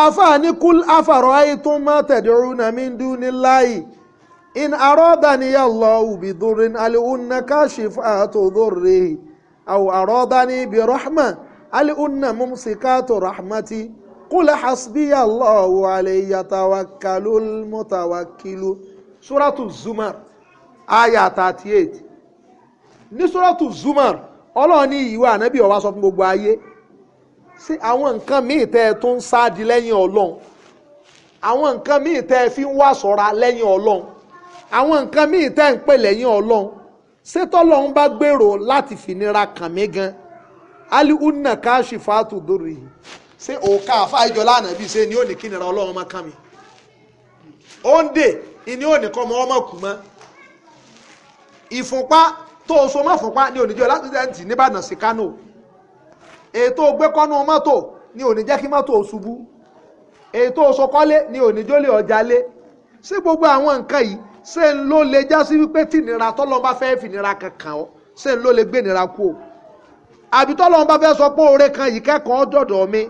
àfààní kúl ayi ayé tó má tẹ̀dọ̀rù náà mi ń dún ní láàyè in arọ daniel lọ́ọ́ òbí dùnrin alẹ́ òun náà أو أرادني برحمة الأن ممسكات رحمتي قل حسبي الله عليه يتوكل المتوكل سورة الزمر آية 38 ní sọ́rọ́tù Zumar ọlọ́run ní ìwà ànábì ọ̀wá sọ fún gbogbo ayé sí àwọn nǹkan míì tẹ́ ẹ tó ń sáàdì lẹ́yìn ọlọ́run àwọn nǹkan míì tẹ́ ẹ fi ń wà lẹ́yìn ọlọ́run àwọn nǹkan míì tẹ́ ẹ ń pè lẹ́yìn ọlọ́run ṣé tọ́lọ́hún bá gbèrò láti fìnira kàn mí gan alihunna káàṣì fàátù dórí yìí ṣé òkà àfáàjọ lánàá bíi ṣe ni ó ní kí nira ọlọ́run ọmọ kàn mí ó ni ó ní kọ́ ọmọ ọmọ kù mọ́ ìfúnpá tó o so mọ́ fúnpá ní oníjọ́ lásìdẹ́ǹtì sí kánò ètò mọ́tò kí mọ́tò gbogbo àwọn nǹkan ṣé ń ló lè já sí wípé tìnira tọ́lọ́n bá fẹ́ fìnira kankan ọ́ ṣé ń ló lè gbénira kú o àbí tọ́lọ́n bá fẹ́ sọ pé oore kan yìí kẹ́kọ̀ọ́ dọ̀dọ̀ mi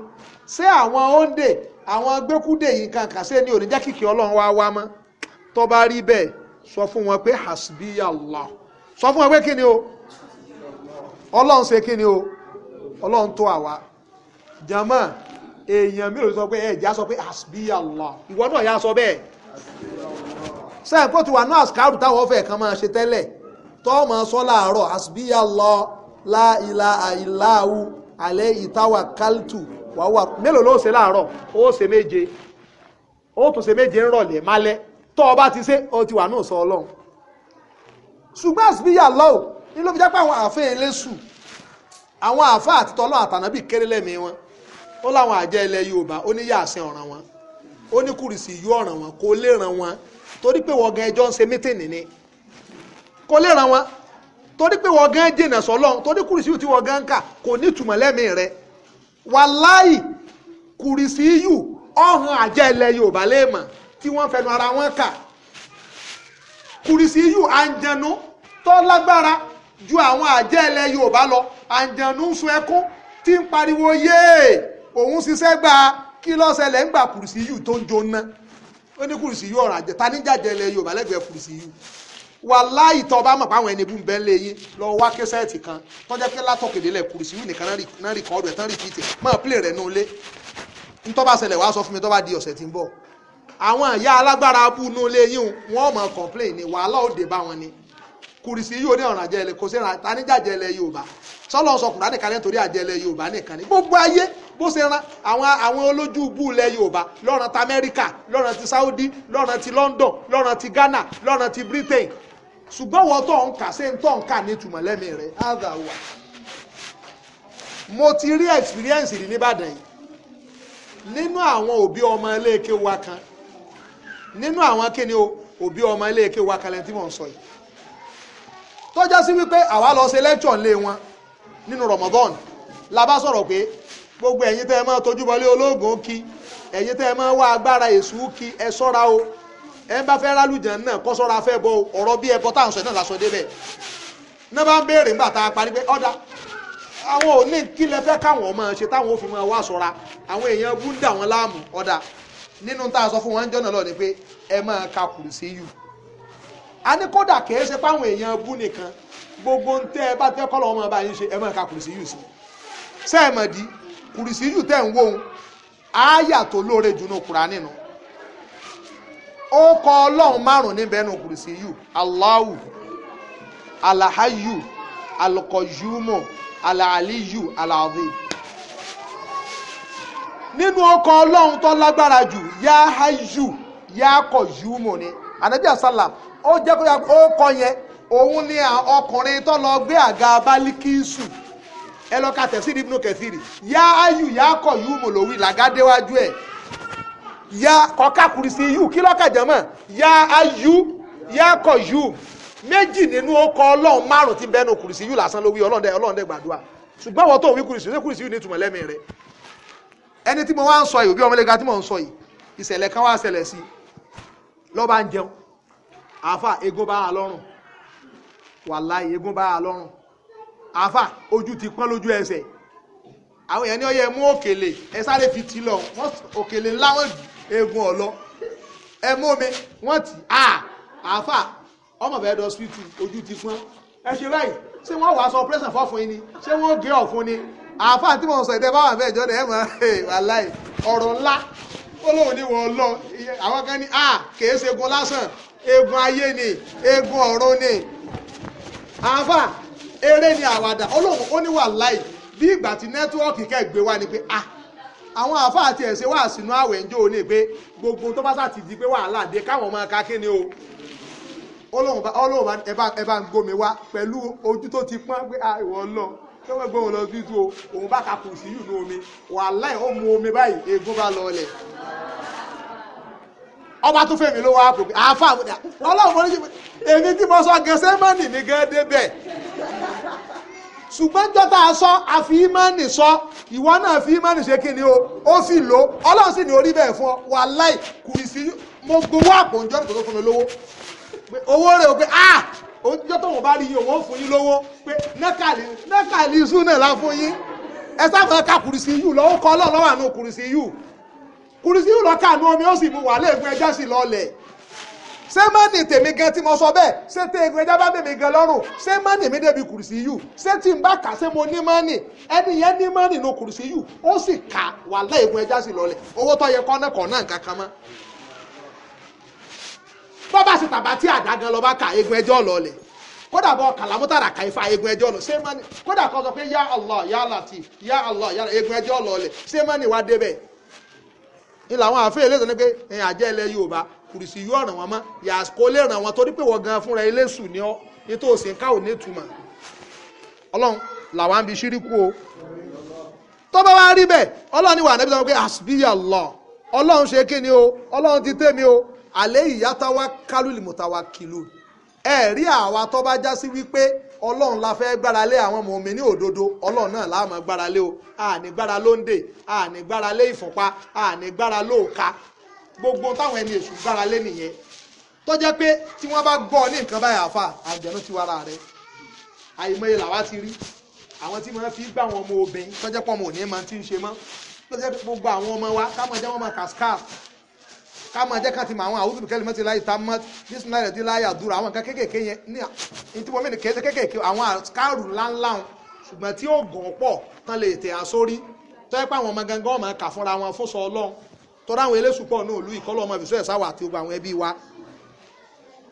ṣé àwọn òǹdè àwọn gbẹ́kúdè yìí kankan ṣé ni ò ní jẹ́ kìkì ọlọ́run wá wá mọ́ tó bá rí bẹ́ẹ̀ sọ fún wọn pé hasbiya Allah sọ fún wọn pé kí ni o ọlọ́run ṣe kí ni o ọlọ́run tó àwa jama èèyàn mélòó sọ pé ẹ̀ já sọ pé hasbiya Allah ìwọ náà yá sọ bẹ́ẹ̀ sẹ́yìn kó ti wà ní àsìkárù táwọn ọ̀fẹ́ kan máa ṣe tẹ́lẹ̀ tọ́ọ̀mọ sọ láàárọ̀ àsìbíyà lọ láìla alẹ́ ìtawà káltù wàwà mélòó ló ṣe láàárọ̀ ó ṣe méje ó tún ṣe méje ńrọ̀lẹ́ málẹ́ tọ́ ọ bá ti ṣe ó ti wà náà sọ ọlọ́run ṣùgbọ́n àsìbíyà ní ló fi jápẹ́ àwọn àfẹ́ wọn torí pé wọ́n gan ẹjọ́ ń ṣe mítìnì ni kò lè ràn wọ́n torí pé wọ́n gan jìnà sọ́lọ́n torí kùrìsì tí wọ́n gan ń kà kò ní ìtumọ̀ lẹ́mìí rẹ̀ wàláì kùrìsì yù ọ̀hún àjẹ́ ilẹ̀ Yorùbá léèmọ̀ tí wọ́n fẹnu ara wọn kà kùrìsì yù àǹjẹ̀nu tó lágbára ju àwọn àjẹ́ Yorùbá lọ àǹjẹ̀nu ń sun ẹkún tí ń pariwo yéè òun ṣiṣẹ́ gba kí ló ṣẹlẹ̀ ń gbà kùrìsì tó ń jóná ó ní kùrìsì yìí ọ̀ràn àjẹ tani jàjẹ ilẹ̀ Yorùbá lẹ́gbẹ̀ẹ́ kùrìsì yìí wàláì tó bá mọ̀ pé àwọn ẹni bú ń bẹ́ lé yín lọ wá kẹsẹ́ẹ̀tì kan tó jẹ́ pé látọ̀kèdélẹ̀ kùrìsì yìí nìkan náà rí kọ́ọ̀dù ẹ̀ tán rí fìtì máa pílẹ̀ rẹ̀ nù lé ntọ́ bá ṣẹlẹ̀ wàá sọ fún mi tó bá di ọ̀sẹ̀ tí ń bọ̀ àwọn ìyá alágbára abú nù lé yín wọ́n mọ̀ complain ni wàhálà òde bá wọn ni kùrìsì yìí ò ní ọ̀ràn àjẹlẹ kò sí ẹ̀ràn taníjàjẹlẹ yorùbá sọlọ sọ kùránì kalẹ̀ nítorí àjẹlẹ yorùbá nìkan ni gbogbo ayé bó ṣe ran àwọn àwọn olójú ibú ilẹ̀ yorùbá lọ́ràn ti amẹ́ríkà lọ́ràn ti saudi lọ́ràn ti london lọ́ràn ti ghana lọ́ràn ti britain ṣùgbọ́n wọ́n tó ń kà ṣe ń tó ń kà ní ìtumọ̀ lẹ́mí rẹ̀ áàdà wà. mo ti rí experience rí nìbàdàn yìí nínú àwọn òbí ọmọ ilé ike wa kan nínú àwọn kíni o òbí ọmọ ilé ike wa kan tí mò ń sọ yìí tó já sí wípé àwa lọ ṣe lẹ́kṣọ̀ ńlé wọn nínú Ramadan la bá sọ̀rọ̀ pé gbogbo ẹ̀yin tẹ́ ẹ máa tójú bọlé ológun kí ẹ̀yin tẹ́ ẹ máa wá agbára èṣù kí ẹ sọ́ra o ẹ bá fẹ́ rálùjàn náà kọ́ sọ́ra fẹ́ bọ ọ̀rọ̀ bí ẹbọ táwọn sọ náà lásọ débẹ̀ náà bá ń béèrè nígbà tá a parí pé ọ̀dà àwọn ò ní kí lẹ fẹ́ káwọn ọmọ ṣe táwọn ò fi máa wá sọ́ra àwọn èèyàn bú ń dà wọn láàmú ọ̀dà nínú tá a sọ fún wọn jọ́nà lọ ni pé ẹ máa ka sí yù a ní kódà kìí ṣe páwọn èèyàn bú nìkan gbogbo ń tẹ́ ẹ bá tẹ́ kọ́ lọ́wọ́ máa bá yín ṣe ẹ máa ka kùrìsì yù sí sẹ́ẹ̀mọ̀ di kùrìsì yù tẹ̀ ń wò ó ááyà tó lóore jù ní nínú ó kọ ọlọ́run márùn níbẹ̀ nù kùrìsì yù Allahu alahayu alukọyumu alaaliyu alaazim nínú ọkọ̀ ọlọ́run tó lágbára jù yá hayu yá kọyumu ni anabi asalam ó jẹ́ kó o kọ yẹn òun ni ọkùnrin tó lọ gbé àga bálíkísù ẹ lọ ka tẹ̀sí ibùdó kẹsìrì yá ayù yá kọ̀ yú mòlòwì làgádéwájú ẹ̀ yá kọ́kàkùrì sí yú kí lọ́kàjẹ́ mọ̀ yá ayù yá kọ̀ yú méjì nínú ọkọ̀ ọlọ́run márùn ti bẹ́nu kùrì sí yú lásán ló wí ọlọ́run dẹ ọlọ́run dẹ gbàdúrà ṣùgbọ́n wọ́n tó wí kùrì sí yú kùrì sí yú ní ìtumọ̀ lẹ́mìí rẹ̀ ẹni tí mo wá ń sọ yìí òbí ọmọlẹ́gà tí mo ń sọ yìí ìṣẹ̀lẹ̀ kan wá ṣẹlẹ̀ sí ló bá ń jẹun àáfà egun bá a lọ́rùn wàláì egun bá lọ́rùn àáfà ojú ti pọ́n lójú ẹsẹ̀ àwọn èèyàn ní ọyẹ mú òkèlè ẹ sáré fi ti lọ wọn òkèlè ńlá wọn egun ọ̀lọ ẹ mú omi wọn ti à àáfà ọmọ bẹ́ẹ̀ dọ síwìtì ojú ti pọ́n ẹ ṣe báyìí ṣé wọ́n wàá sọ pírẹ́sàn fọ́fun yín ni ṣé wọ́n gé ọ̀fun ni àáfà tí mo sọ ìdẹ́ báwọn àbẹ́ ìjọ́dẹ̀ ẹ̀ máa wàláì ọ̀rọ̀ ńlá ó lóun ní wọ́n lọ àwọn kan ní à kèé ṣe lásán egun ayé ni egun ọ̀run ni àáfà eré ni àwàdà olóhùn ó ní wàláì bí ìgbà tí nẹ́tíwọ́ọ̀kì kẹ́gbẹ́ wá ni pé ah àwọn àáfà àti ẹ̀sẹ̀ wà sínú àwẹ̀ ńjọ́ òní pé gbogbo tó bá sàti di pé wàhálà dé káwọn máa ka kíni o olóhùn bá olóhùn bá ẹ bá ń gomi wá pẹ̀lú ojú tó ti pọ́n pé ah ìwọ lọ tọ́wọ́ gbé wọn lọ sí tu o òun bá ka kù sí yù ní omi wàláì ó mu omi báyìí egun bá lọ ọlẹ̀ ọba tó fẹ́mi ló wá pòpé àáfà àmúdà ọlọ́run mo ní ṣe èmi tí mo sọ gẹ̀ẹ́sẹ́ mọ́nì mi gẹ́ẹ́ débẹ̀ ṣùgbọ́n jọta sọ àfi ìmánì sọ ìwọ náà fi ìmánì ṣe kí ni o ó sì lò ọlọ́run sì ní orí bẹ́ẹ̀ fún ọ wàláì kùrì sí mo gbowó àpò ìjọ tó tó fún mi lówó owó rẹ̀ o pé ah òjò tó wọn bá rí yín òun fún yín lówó pé nẹ́kàlì nẹ́kàlì sùn náà lá fún yín ẹ sábà ká kùrì sí yù lọ́wọ́ kọ́ ọlọ́run lọ́wọ́ àánú kùrì sí yù kùrìsì ìlọ kàánú omi ó sì mú wà lẹ́ẹ̀gbẹ́ ẹja ṣé tèmi gan tí mo sọ bẹ́ẹ̀ ṣé tẹ ẹja bá bèmí gan lọ́rùn ṣé mọ́nì mi débi yù ṣé tí n bá kà ṣé mo ní ẹni yẹn ní ló yù ó sì kà ẹja owó tó yẹ kọ́nà kọ́nà nǹkan kan mọ́ ṣe tàbá tí àdá gan bá ka egun ẹjọ́ lọ́ọ̀lẹ̀ kódà bọ kàlámútàrà ka ifá egun ẹjọ́ lọ ṣé kódà kọ́ pé Allah Allah ni àwọn àfẹ́ ilé ìtọ́ni pé ẹ̀yìn àjẹ́ ilẹ̀ Yorùbá kùrìsì yóò ràn wọ́n mọ́ yàtọ̀ lè ràn wọ́n torí pé wọ́n gan fúnra ilé sùn ní ọ́ nítorí òsín ká ò ní Ọlọ́run làwọn àbí ṣíríkù o tó bá wá rí bẹ́ẹ̀ Ọlọ́run ni wà nẹ́bí pé lọ Ọlọ́run ṣe kí ni Ọlọ́run ti o àlẹ́ ìyá táwa ọlọ́run la fẹ́ gbára lé àwọn mòmíní òdodo ọlọ́run náà la máa gbára lé o àní gbára lóńdè àní gbára lé ìfọ̀pá àní gbára lóòka gbogbo táwọn ẹni èṣù gbára lé nìyẹn tó jẹ́ pé tí wọ́n bá gbọ́ ní nǹkan báyà fà àjẹ̀nú ti wára rẹ̀ àìmọye làwa ti rí àwọn tí wọ́n fi gbà wọn ọmọ obìnrin tó jẹ́ pọ̀ mọ̀ ní máa ti ń ṣe mọ́ tó jẹ́ gbogbo àwọn ọmọ wa káwọn jẹ́ wọn máa kà scarf ká máa jẹ́ ká ti mọ àwọn àwùjọ kẹ́lẹ́ mọ́tì láyé tá mọ́ yíṣùn láyé tí láyé àdúrà àwọn nǹkan kéékèèké yẹn ní ìtí wọ́n mí ní kéékèèké kéékèèké àwọn àkárù ńláńlá wọn ṣùgbọ́n tí oògùn pọ̀ tán lè tẹ̀ á sórí tó yẹ pé àwọn ọmọ gangan ọmọ kà fúnra wọn fóso ọlọ́run tọ́ra àwọn eléṣù pọ̀ náà lù ìkọ́lọ́ ọmọ ìbísọ́ ẹ̀sáwà àti gbogbo àwọn ẹbí wa.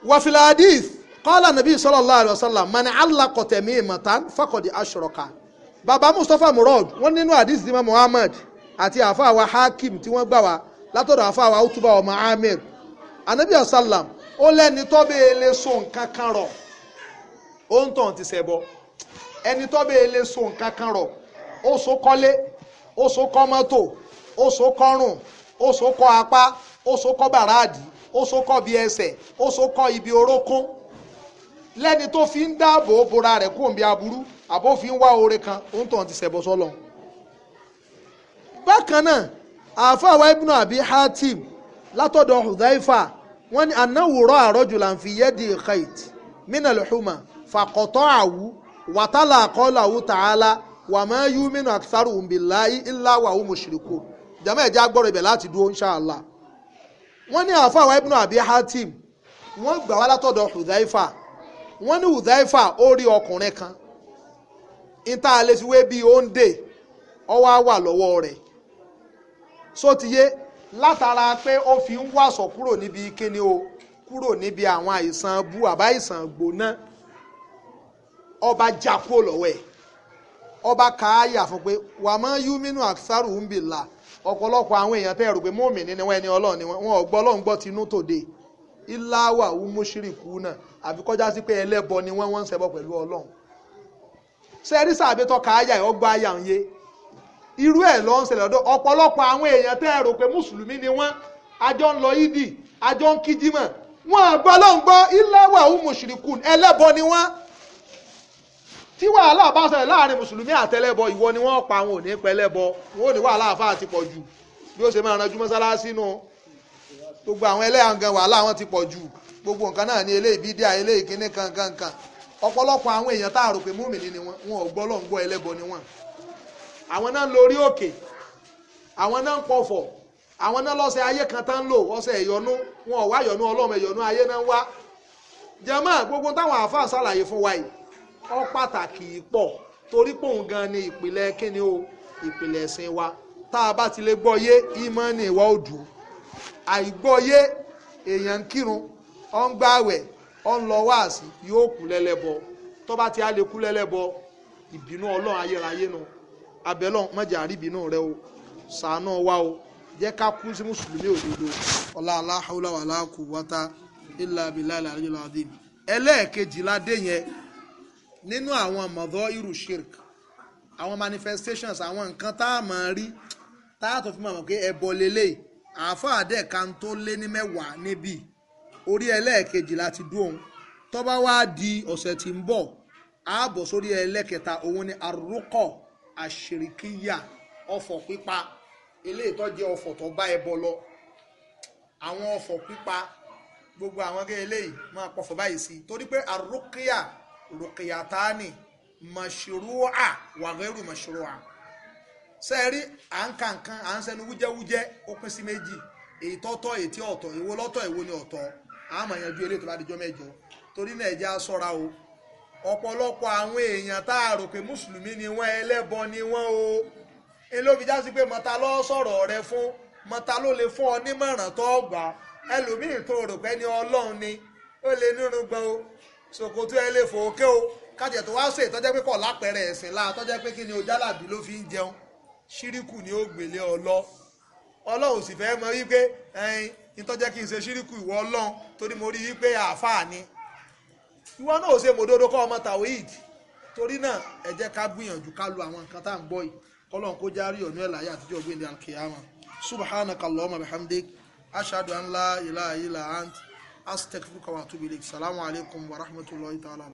wàfìlà hadith kọ́lá murad wọ́n nínú hadith muhammad àti àfáà wa hakim tí látọ̀dọ̀ àfáwà utuba ọmọ amir anabi asalam ó lẹ́ni tó bẹ́ẹ̀ lè so nǹkan kan rọ̀ ó ń tàn ti ṣẹbọ ẹni tó bẹ́ẹ̀ lè so nǹkan kan rọ̀ ó so kọ́lé ó so kọ́ mọ́tò ó so kọ́rùn ó so kọ́ apá ó so kọ́ bàràdì ó so kọ́ bí ẹsẹ̀ ó so kọ́ ibi orókún lẹ́ni tó fi ń dáàbò bora rẹ̀ kó n bí aburú àbófin wá oore kan ó ń tàn ti ṣẹbọ sọ́lọ́n bákan náà àáfà wa ibùnú àbí hatim látọ̀dọ̀ hudhaifa wọ́n ní anáwòrán àrọ́jùlá fi yẹ́dì khait mina luhuma fàkọ̀tọ̀ àwù wàtálà àkọọ́lá àwù tààlà wà máa yú mínú wà jàmọ́ ẹ̀jẹ̀ agbọ́rọ̀ ibẹ̀ láti dúró wa ibùnú àbí hatim wọ́n gbà wá látọ̀dọ̀ hudhaifa wọ́n ní hudhaifa ó rí ọkùnrin kan ìta àlesíwé bíi ó ń dè ọwọ́ á wà lọ́wọ́ só ti yé látara pé ó fi ń wàsọ̀ kúrò níbi kíni o kúrò níbi àwọn àìsàn bú àbá àìsàn gbóná ọba já kúrò lọ́wọ́ ẹ̀ ọba kááyà fún pé wàmọ́ yúmínú àkísàrù ń bìlà ọ̀pọ̀lọpọ̀ àwọn èèyàn tẹ́ rò pé mọ́ọ̀mìnì ni wọ́n ẹni ọlọ́ọ̀ni wọn ọ̀gbọ́ ọlọ́run gbọ́ tinú tòde ìláwà umushiriku náà àfi kọjá sí pé ẹlẹ́bọ ni wọ́n wọ́n ń ṣẹbọ pẹ̀lú ọlọ́run ṣe rí sàbẹ́tọ̀ kááyà ọgbà ayà ń yé irú ẹ̀ ló ń ṣẹlẹ̀ ọ̀dọ̀ ọ̀pọ̀lọpọ̀ àwọn èèyàn tẹ́ ẹ rò pé mùsùlùmí ni wọ́n àjọ ń lọ yídì àjọ ń kíjímọ̀ wọn àgbà ló ń gbọ́ iláwà ó mùṣìríkù ẹlẹ́bọ ni wọ́n tí wàhálà bá ṣẹlẹ̀ láàrin mùsùlùmí àtẹlẹ́bọ ìwọ ni wọ́n pa àwọn òní pẹlẹ́bọ wọn ò ní wàhálà àfa àti pọ̀ jù bí ó ṣe máa ranjú mọ́sálásí nù gbogbo àwọn ẹlẹ́yàn gan wàhálà wọn ti pọ̀ jù gbogbo nǹkan náà ní eléyìí bídíà eléyìí kíní kankan kan ọ̀pọ̀lọpọ̀ àwọn èèyàn tá a rò pé múmi ni wọn wọn ò gbọ́ lọ́ngbọ́ ẹlẹ́bọ ni wọn àwọn náà ń lo orí òkè àwọn náà ń pọ̀fọ̀ àwọn náà lọ́sẹ̀ ayé kan tá ń lò ọ̀sẹ̀ ẹ̀yọ̀nú wọn ò wá ẹ̀yọ̀nú ọlọ́run ẹ̀yọ̀nú ayé náà ń wá jẹ́mọ́ gbogbo táwọn àáfàá ṣàlàyé fún wa yìí ó pàtàkì pọ̀ torí pòun gan ni ìpìlẹ̀ kíni o ìpìlẹ̀ ẹ̀sìn wa tá a bá ti lè gbọ́yé ìmọ̀ọ́nì ìwà òdù àìgbọ́yé èèyàn ń kírun ọ̀ ń gbààwẹ̀ ọ̀ ń lọ wáàsí yóò kú lẹ́lẹ́bọ tó ti á lè kú lẹ́lẹ́bọ ìbínú ọlọ́run ayérayé nu no abẹ́lọ́ mọ̀jà àríbínú rẹ o ṣàánú wa o jẹ́ ká kú sí mùsùlùmí òdodo ọ̀la aláhàúlà wà láàkú wọ́tá ilà abilà àlejò àdìm ẹlẹ́ẹ̀kejìlá dé yẹn nínú àwọn mọ̀dọ́ irú shirk àwọn manifestations àwọn nǹkan tá a máa rí tá a tó fi máa mọ̀ pé ẹbọ lélẹ̀ àáfàá dẹ̀ kan tó lé ní mẹ́wàá níbí orí ẹlẹ́ẹ̀kejìlá ti dún òun tó wá di ọ̀sẹ̀ tí ń bọ̀ ààbọ̀ sórí ẹlẹ́kẹta òun ni àrùkọ̀ àṣìríkíyà ọ̀fọ̀ pípa eléyìí tó jẹ́ ọ̀fọ̀ tó bá ẹbọ lọ àwọn ọ̀fọ̀ pípa gbogbo àwọn gẹ́gẹ́ eléyìí máa pọ̀fọ̀ báyìí sí torí pé àrókíyà rùkìyàtánì màṣírúà wàgẹ́rù màṣírúà sẹ́ẹ̀rí à ń ka nǹkan à ń sẹ́nu wújẹ́wújẹ́ ó pín sí méjì èyí tọ́tọ́ èyí tí ọ̀tọ̀ èwo lọ́tọ̀ èwo ni ọ̀tọ̀ àmọ̀ yanjú eléyìí tó bá dijọ́ mẹ́jọ torí náà ẹ jẹ́ á o ọ̀pọ̀lọpọ̀ àwọn èèyàn tá a rò pé mùsùlùmí ni wọ́n ni wọ́n o ẹ ló fi já sí pé mọ̀ta ló sọ̀rọ̀ rẹ fún mọ̀ta ló lè fún ọ nímọ̀ràn tó gbà ẹlòmíì tó rò pé ni ó lè o ṣòkòtò ẹ o tó wá ìtọ́jẹ́ pé kọ̀ lápẹ̀rẹ̀ ẹ̀sìn láà tọ́jẹ́ pé kí ni o jálàbí ni ó ọlọ ọlọ́run sì fẹ́ mọ wípé ẹyin ìtọ́jẹ́ kí n ṣe ṣíríkù ìwọ ọlọ́run torí mo rí wípé ni ìwọ náà ò ṣe mòdodo kọ́ ọmọ tawhid torí náà ẹ jẹ́ ká gbìyànjú ká lu àwọn nǹkan tá à ń gbọ́ yìí kọ́lọ́n kó járí ọ̀nà ẹ̀ láyé àtijọ́ gbé ní alkiyama subhanaka allahumma bihamdik ashhadu an la illa ant astaghfiruka wa atubu ilayk salamu alaykum wa rahmatullahi ta'ala.